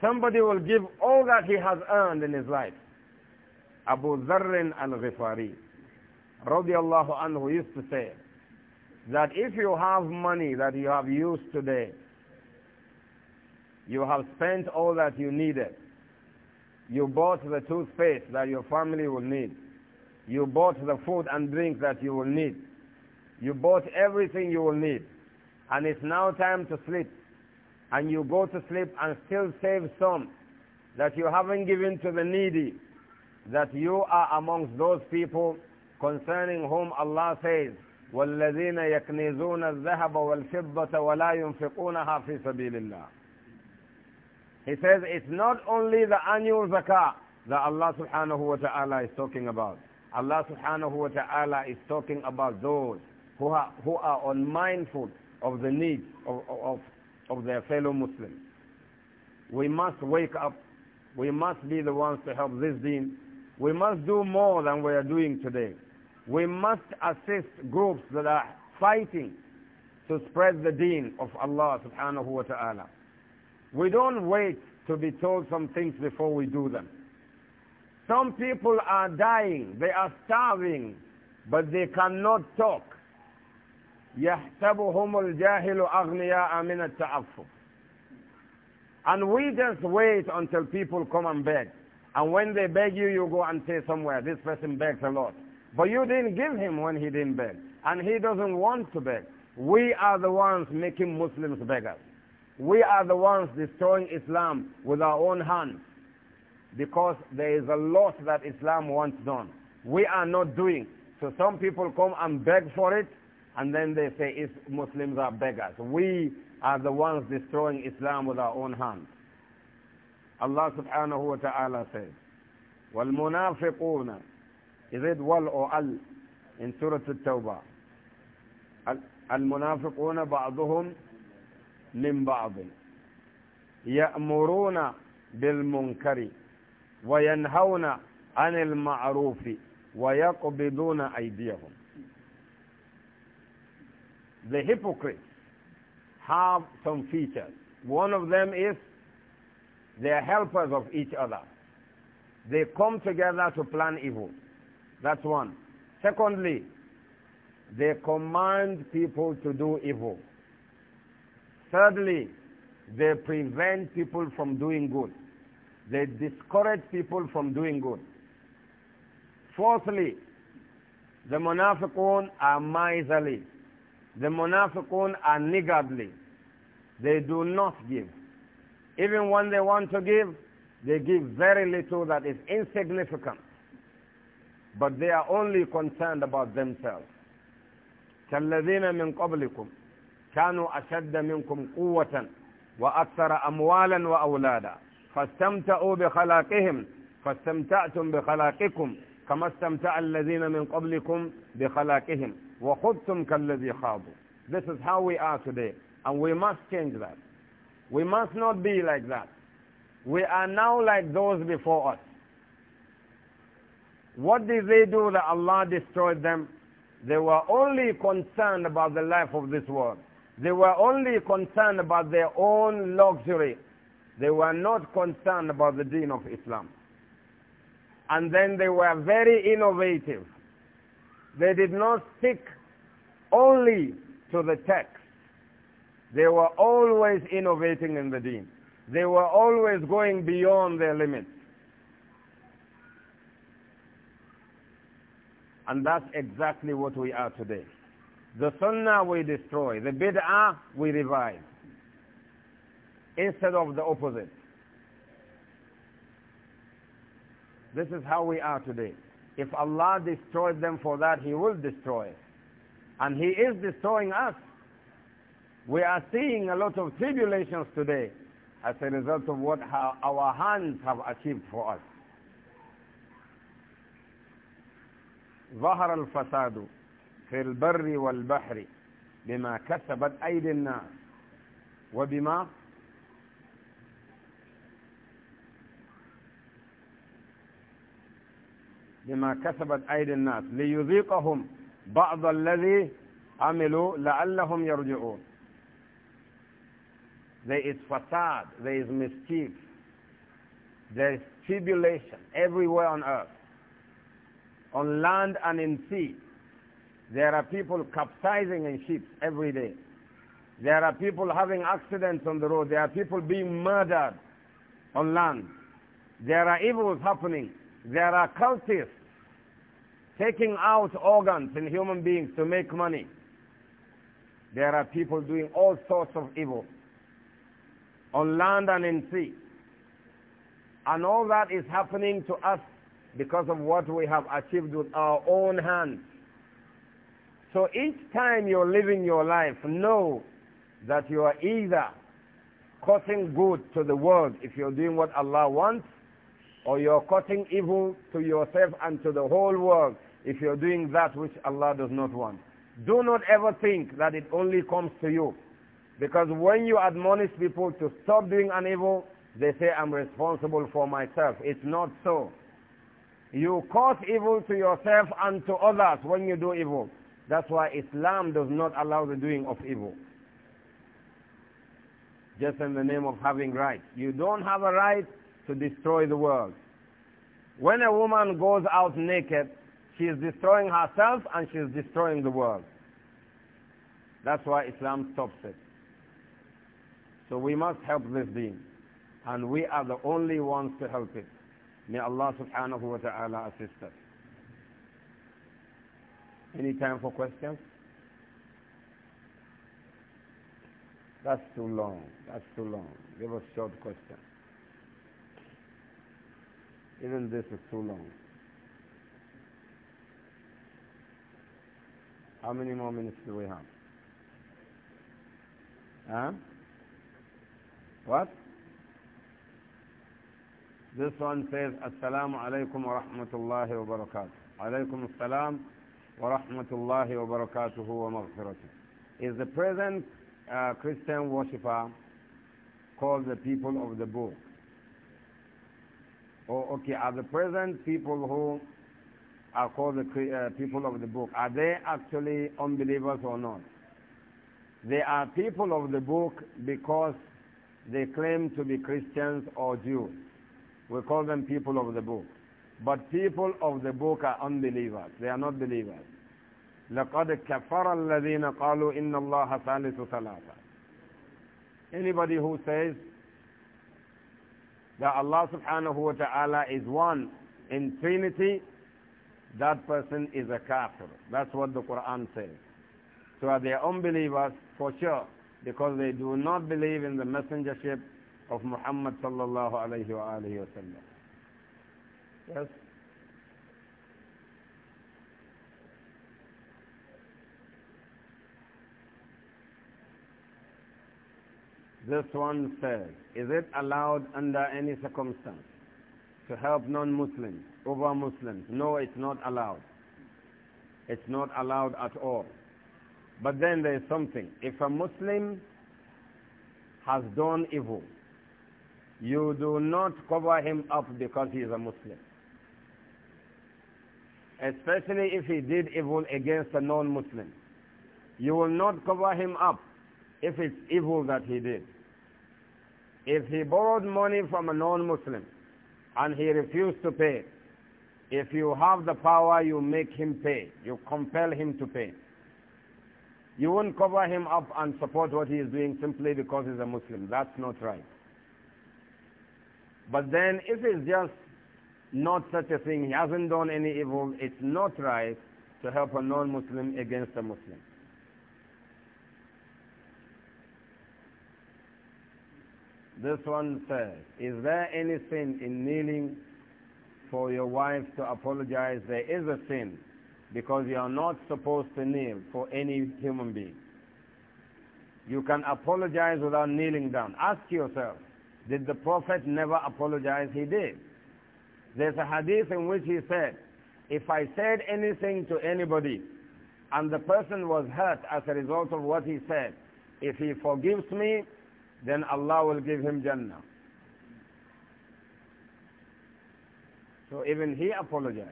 A: Somebody will give all that he has earned in his life. Abu Zarrin al-Ghifari, radiallahu anhu, used to say that if you have money that you have used today, you have spent all that you needed. You bought the toothpaste that your family will need. You bought the food and drink that you will need. You bought everything you will need. And it's now time to sleep. And you go to sleep and still save some that you haven't given to the needy, that you are amongst those people concerning whom Allah says, وَالَّذِينَ يَكْنِزُونَ الذَّهَبَ وَالْفِضَّةَ وَلَا يُنْفِقُونَهَا فِي سَبِيلِ اللَّهِ he says it's not only the annual zakah that Allah subhanahu wa ta'ala is talking about. Allah subhanahu wa ta'ala is talking about those who are, who are unmindful of the needs of, of, of their fellow Muslims. We must wake up. We must be the ones to help this deen. We must do more than we are doing today. We must assist groups that are fighting to spread the deen of Allah subhanahu wa ta'ala. We don't wait to be told some things before we do them. Some people are dying, they are starving, but they cannot talk. الجاهل أغنياء من and we just wait until people come and beg. And when they beg you, you go and say somewhere, this person begs a lot. But you didn't give him when he didn't beg. And he doesn't want to beg. We are the ones making Muslims beggars. We are the ones destroying Islam with our own hands because there is a lot that Islam wants done. We are not doing. So some people come and beg for it and then they say "If Muslims are beggars. We are the ones destroying Islam with our own hands. Allah subhanahu wa ta'ala says, وَالْمُنَافِقُونَ Is it wal or al in Surah At-Tawbah? Al-Munafiquna ba'duhum من بعض يأمرون بالمنكر وينهون عن المعروف ويقبضون أيديهم The hypocrites have some features. One of them is they are helpers of each other. They come together to plan evil. That's one. Secondly, they command people to do evil. Thirdly, they prevent people from doing good. They discourage people from doing good. Fourthly, the munafiqun are miserly. The munafiqun are niggardly. They do not give. Even when they want to give, they give very little that is insignificant. But they are only concerned about themselves. كالذين من قبلكم كانوا أشد منكم قوة وأكثر أموالا وأولادا فاستمتعوا بخلاقهم فاستمتعتم بخلاقكم كما استمتع الذين من قبلكم بخلاقهم وخذتم كالذي خابوا This is how we are today and we must change that. We must not be like that. We are now like those before us. What did they do that Allah destroyed them? They were only concerned about the life of this world. They were only concerned about their own luxury. They were not concerned about the deen of Islam. And then they were very innovative. They did not stick only to the text. They were always innovating in the deen. They were always going beyond their limits. And that's exactly what we are today. The sunnah we destroy. The bid'ah we revive. Instead of the opposite. This is how we are today. If Allah destroyed them for that, He will destroy. And He is destroying us. We are seeing a lot of tribulations today as a result of what our hands have achieved for us. ظهر الفساد في البر والبحر بما كسبت أيدي الناس وبما بما كسبت أيدي الناس ليذيقهم بعض الذي عملوا لعلهم يرجعون There is facade, there is mischief, there is tribulation everywhere on earth, on land and in sea. There are people capsizing in ships every day. There are people having accidents on the road. There are people being murdered on land. There are evils happening. There are cultists taking out organs in human beings to make money. There are people doing all sorts of evil on land and in sea. And all that is happening to us because of what we have achieved with our own hands. So each time you're living your life, know that you are either causing good to the world if you're doing what Allah wants, or you're causing evil to yourself and to the whole world if you're doing that which Allah does not want. Do not ever think that it only comes to you. Because when you admonish people to stop doing an evil, they say, I'm responsible for myself. It's not so. You cause evil to yourself and to others when you do evil. That's why Islam does not allow the doing of evil. Just in the name of having rights. You don't have a right to destroy the world. When a woman goes out naked, she is destroying herself and she is destroying the world. That's why Islam stops it. So we must help this being, And we are the only ones to help it. May Allah subhanahu wa ta'ala assist us. Any time for questions? That's too long. That's too long. Give us short questions. Even this is too long. How many more minutes do we have? Huh? What? This one says, Assalamu alaikum wa rahmatullahi wa barakatuh. Alaikum assalam is the present uh, Christian worshipper called the people of the book. Oh, okay, are the present people who are called the uh, people of the book, are they actually unbelievers or not? They are people of the book because they claim to be Christians or Jews. We call them people of the book. But people of the book are unbelievers. They are not believers. لَقَدْ كَفَرَ الَّذِينَ قَالُوا إِنَّ اللَّهَ ثَالِثُ ثَلَاثًا Anybody who says that Allah subhanahu wa ta'ala is one in Trinity, that person is a kafir. That's what the Quran says. So they are unbelievers? For sure. Because they do not believe in the messengership of Muhammad sallallahu alayhi wa Yes. This one says, is it allowed under any circumstance to help non-Muslims over Muslims? No, it's not allowed. It's not allowed at all. But then there is something. If a Muslim has done evil, you do not cover him up because he is a Muslim especially if he did evil against a non-Muslim. You will not cover him up if it's evil that he did. If he borrowed money from a non-Muslim and he refused to pay, if you have the power, you make him pay. You compel him to pay. You won't cover him up and support what he is doing simply because he's a Muslim. That's not right. But then if it's just not such a thing. He hasn't done any evil. It's not right to help a non-Muslim against a Muslim. This one says, is there any sin in kneeling for your wife to apologize? There is a sin because you are not supposed to kneel for any human being. You can apologize without kneeling down. Ask yourself, did the Prophet never apologize? He did. There's a hadith in which he said, if I said anything to anybody and the person was hurt as a result of what he said, if he forgives me, then Allah will give him Jannah. So even he apologized.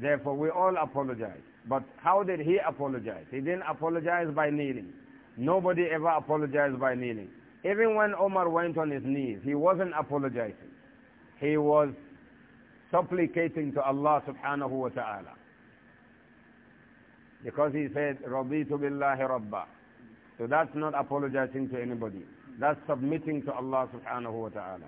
A: Therefore, we all apologize. But how did he apologize? He didn't apologize by kneeling. Nobody ever apologized by kneeling. Even when Omar went on his knees, he wasn't apologizing. He was supplicating to Allah subhanahu wa ta'ala. Because he said, رَضِيتُ بِاللَّهِ رَبَّا So that's not apologizing to anybody. That's submitting to Allah subhanahu wa ta'ala.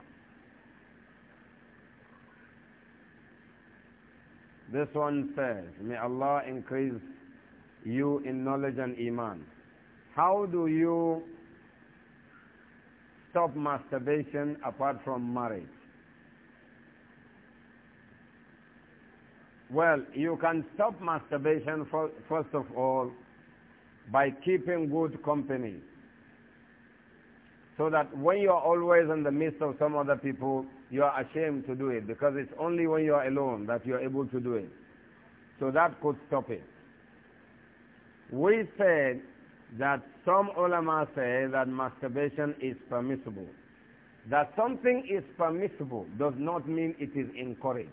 A: This one says, May Allah increase you in knowledge and iman. How do you stop masturbation apart from marriage? Well, you can stop masturbation for, first of all by keeping good company. So that when you are always in the midst of some other people, you are ashamed to do it because it's only when you are alone that you are able to do it. So that could stop it. We said that some ulama say that masturbation is permissible. That something is permissible does not mean it is encouraged.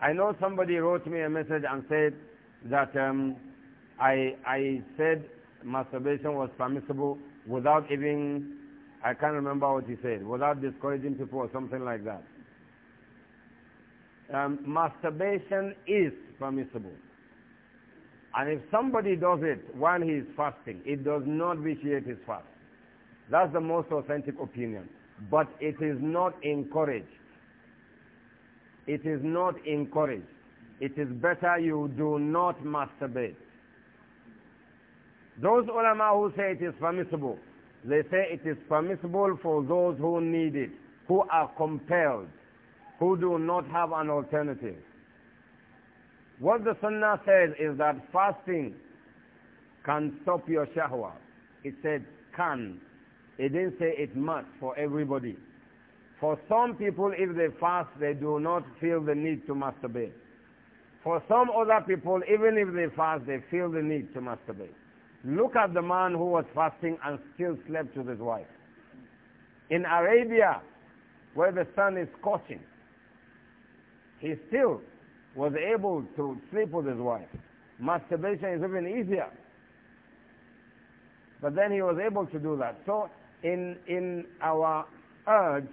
A: I know somebody wrote me a message and said that um, I, I said masturbation was permissible without even, I can't remember what he said, without discouraging people or something like that. Um, masturbation is permissible. And if somebody does it while he is fasting, it does not vitiate his fast. That's the most authentic opinion. But it is not encouraged. It is not encouraged. It is better you do not masturbate. Those ulama who say it is permissible, they say it is permissible for those who need it, who are compelled, who do not have an alternative. What the sunnah says is that fasting can stop your shahwa. It said can. It didn't say it must for everybody. For some people, if they fast, they do not feel the need to masturbate. For some other people, even if they fast, they feel the need to masturbate. Look at the man who was fasting and still slept with his wife. In Arabia, where the sun is scorching, he still was able to sleep with his wife. Masturbation is even easier. But then he was able to do that. So in, in our urge,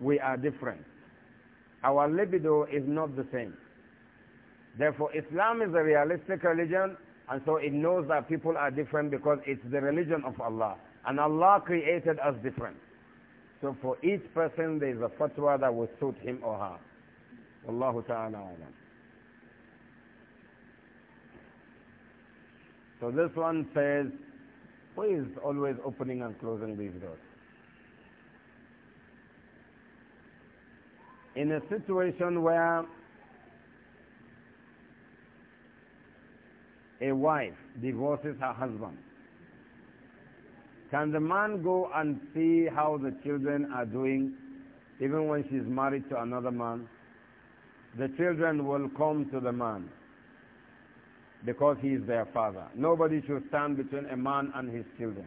A: we are different. Our libido is not the same. Therefore, Islam is a realistic religion, and so it knows that people are different because it's the religion of Allah. And Allah created us different. So for each person, there is a fatwa that will suit him or her. والله taala So this one says, who is always opening and closing these doors? In a situation where a wife divorces her husband, can the man go and see how the children are doing even when she's married to another man? The children will come to the man because he is their father. Nobody should stand between a man and his children.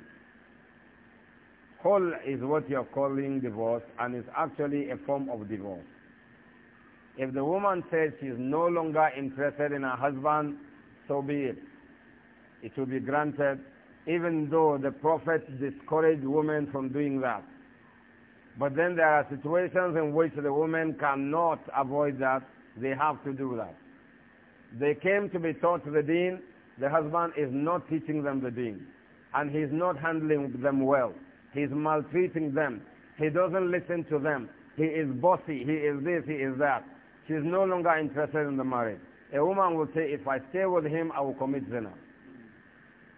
A: Khul is what you're calling divorce and is actually a form of divorce. If the woman says she is no longer interested in her husband, so be it. It will be granted, even though the Prophet discouraged women from doing that. But then there are situations in which the woman cannot avoid that. They have to do that. They came to be taught the deen. The husband is not teaching them the deen. And he's not handling them well. He's maltreating them. He doesn't listen to them. He is bossy. He is this. He is that. She's no longer interested in the marriage. A woman will say, if I stay with him, I will commit zina.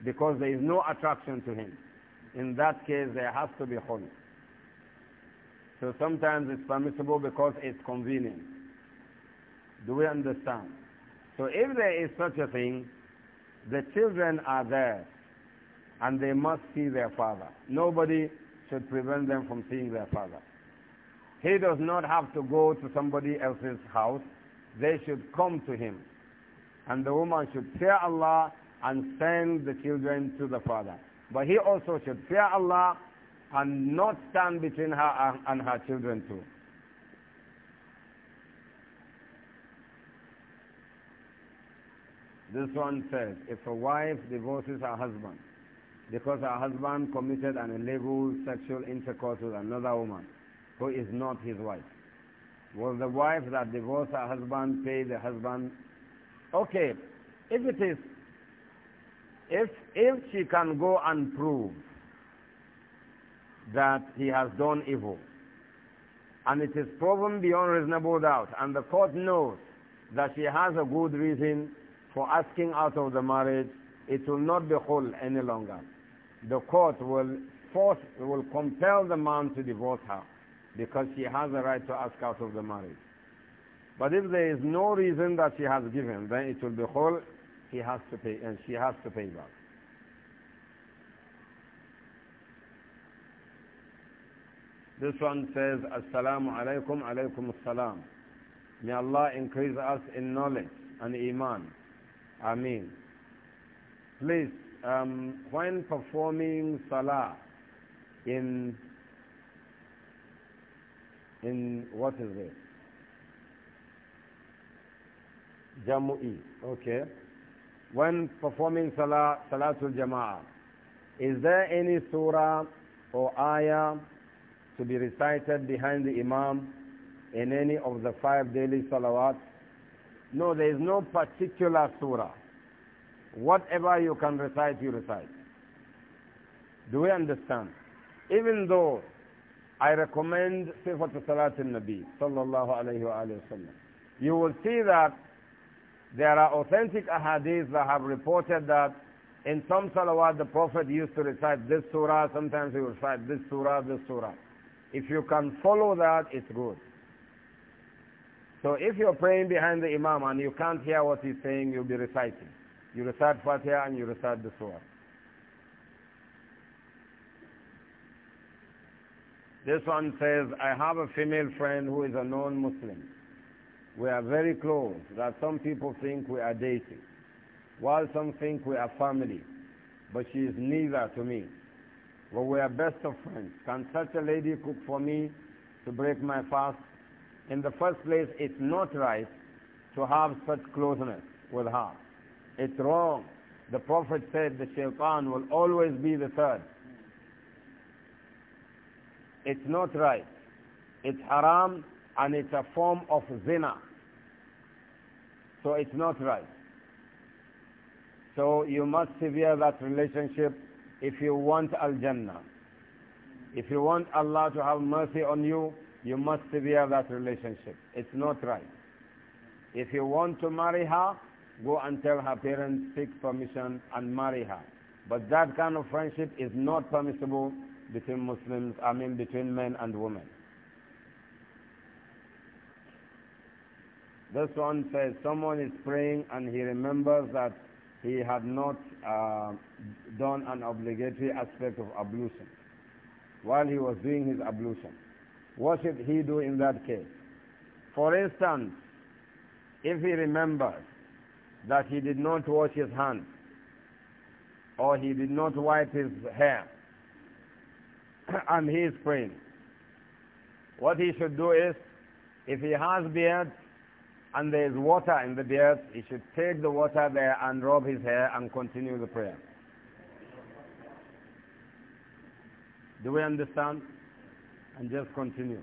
A: Because there is no attraction to him. In that case, there has to be khulq. So sometimes it's permissible because it's convenient. Do we understand? So if there is such a thing, the children are there and they must see their father. Nobody should prevent them from seeing their father. He does not have to go to somebody else's house. They should come to him. And the woman should fear Allah and send the children to the father. But he also should fear Allah and not stand between her and her children too. This one says, if a wife divorces her husband because her husband committed an illegal sexual intercourse with another woman who is not his wife, will the wife that divorced her husband pay the husband? Okay, if it is, if, if she can go and prove that he has done evil, and it is proven beyond reasonable doubt, and the court knows that she has a good reason for asking out of the marriage, it will not be whole any longer. The court will force, will compel the man to divorce her because she has a right to ask out of the marriage. But if there is no reason that she has given, then it will be whole, he has to pay, and she has to pay back. This one says, Assalamu alaikum, alaikum assalam. May Allah increase us in knowledge and iman. Ameen. Please, um, when performing salah in in what is it? Jamu'i. Okay. When performing salah, salatul jama'ah, is there any surah or ayah to be recited behind the imam in any of the five daily salawats? No, there is no particular surah. Whatever you can recite, you recite. Do we understand? Even though I recommend Sifat Salat nabi sallallahu alayhi wa sallam, you will see that there are authentic ahadith that have reported that in some salawat the Prophet used to recite this surah, sometimes he would recite this surah, this surah. If you can follow that, it's good. So if you're praying behind the imam and you can't hear what he's saying, you'll be reciting. You recite Fatiha and you recite the surah. This one says, I have a female friend who is a non-Muslim. We are very close that some people think we are dating, while some think we are family, but she is neither to me. But we are best of friends. Can such a lady cook for me to break my fast? In the first place, it's not right to have such closeness with her. It's wrong. The Prophet said the shaitan will always be the third. It's not right. It's haram and it's a form of zina. So it's not right. So you must sever that relationship if you want Al-Jannah. If you want Allah to have mercy on you, you must sever that relationship. It's not right. If you want to marry her, go and tell her parents, seek permission and marry her. But that kind of friendship is not permissible between Muslims, I mean between men and women. This one says someone is praying and he remembers that he had not uh, done an obligatory aspect of ablution while he was doing his ablution. What should he do in that case? For instance, if he remembers that he did not wash his hands or he did not wipe his hair *coughs* and he is praying, what he should do is, if he has beard and there is water in the beard, he should take the water there and rub his hair and continue the prayer. Do we understand? and just continue.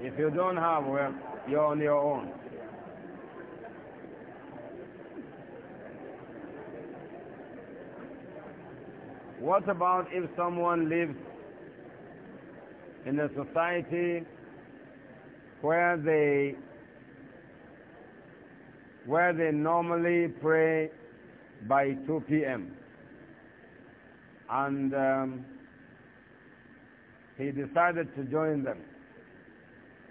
A: If you don't have, well, you're on your own. What about if someone lives in a society where they where they normally pray by 2 p.m. and um, he decided to join them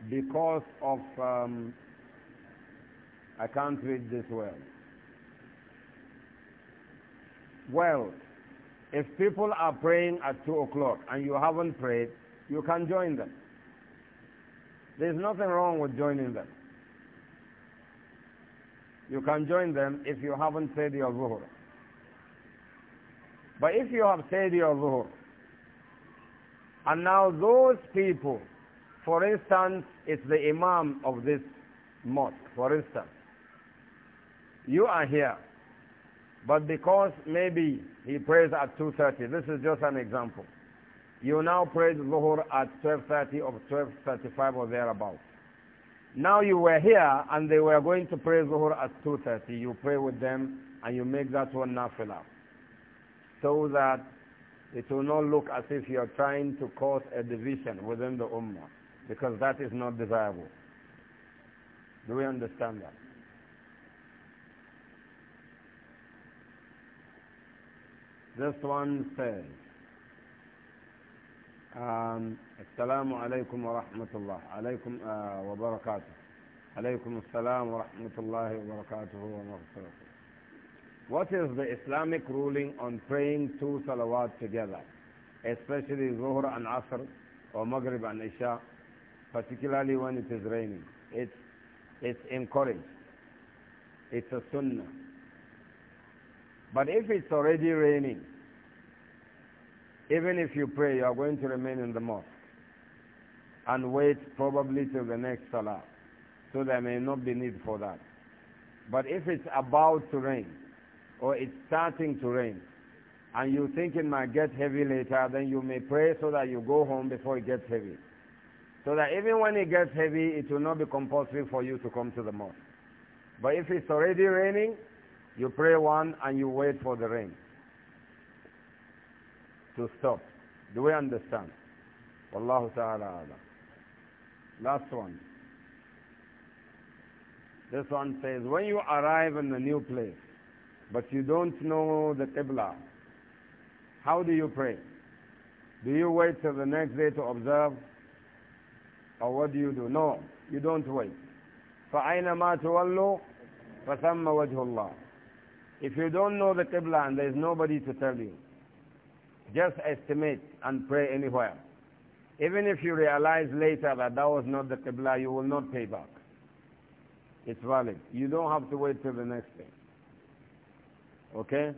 A: because of, um, I can't read this well. Well, if people are praying at 2 o'clock and you haven't prayed, you can join them. There's nothing wrong with joining them. You can join them if you haven't said your zuhur. But if you have said your zuhur and now those people, for instance, it's the imam of this mosque, for instance. You are here, but because maybe he prays at 2.30, this is just an example. You now pray Zuhur at 12.30 or 12.35 or thereabouts. Now you were here and they were going to pray Zuhur at 2.30. You pray with them and you make that one nafila. So that it will not look as if you are trying to cause a division within the ummah because that is not desirable. Do we understand that? This one says, um, Assalamu alaykum wa rahmatullah, Alaykum uh, wa barakatuh, Alaykum assalam wa rahmatullahi wa barakatuh wa maghfiratuh. What is the Islamic ruling on praying two salawat together, especially Zuhr and Asr or Maghrib and Isha, particularly when it is raining? It's, it's encouraged. It's a sunnah. But if it's already raining, even if you pray, you are going to remain in the mosque and wait probably till the next salah. So there may not be need for that. But if it's about to rain, or it's starting to rain, and you think it might get heavy later, then you may pray so that you go home before it gets heavy. So that even when it gets heavy, it will not be compulsory for you to come to the mosque. But if it's already raining, you pray one and you wait for the rain to stop. Do we understand? Wallahu ta'ala ala. Last one. This one says, when you arrive in the new place, but you don't know the Qibla, how do you pray? Do you wait till the next day to observe? Or what do you do? No, you don't wait. فَأَيْنَمَا تُوَلُّوا فَثَمَّ وَجْهُ اللَّهِ If you don't know the Qibla and there is nobody to tell you, just estimate and pray anywhere. Even if you realize later that that was not the Qibla, you will not pay back. It's valid. You don't have to wait till the next day. Okay?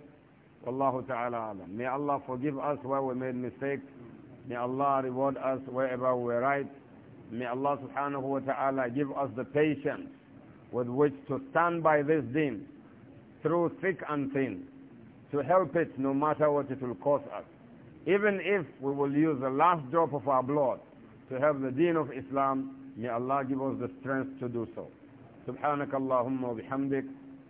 A: Wallahu ta'ala alam. May Allah forgive us where we made mistakes. May Allah reward us wherever we are right. May Allah subhanahu wa ta'ala give us the patience with which to stand by this deen through thick and thin to help it no matter what it will cost us. Even if we will use the last drop of our blood to help the deen of Islam, may Allah give us the strength to do so. سبحانك اللهم bihamdik.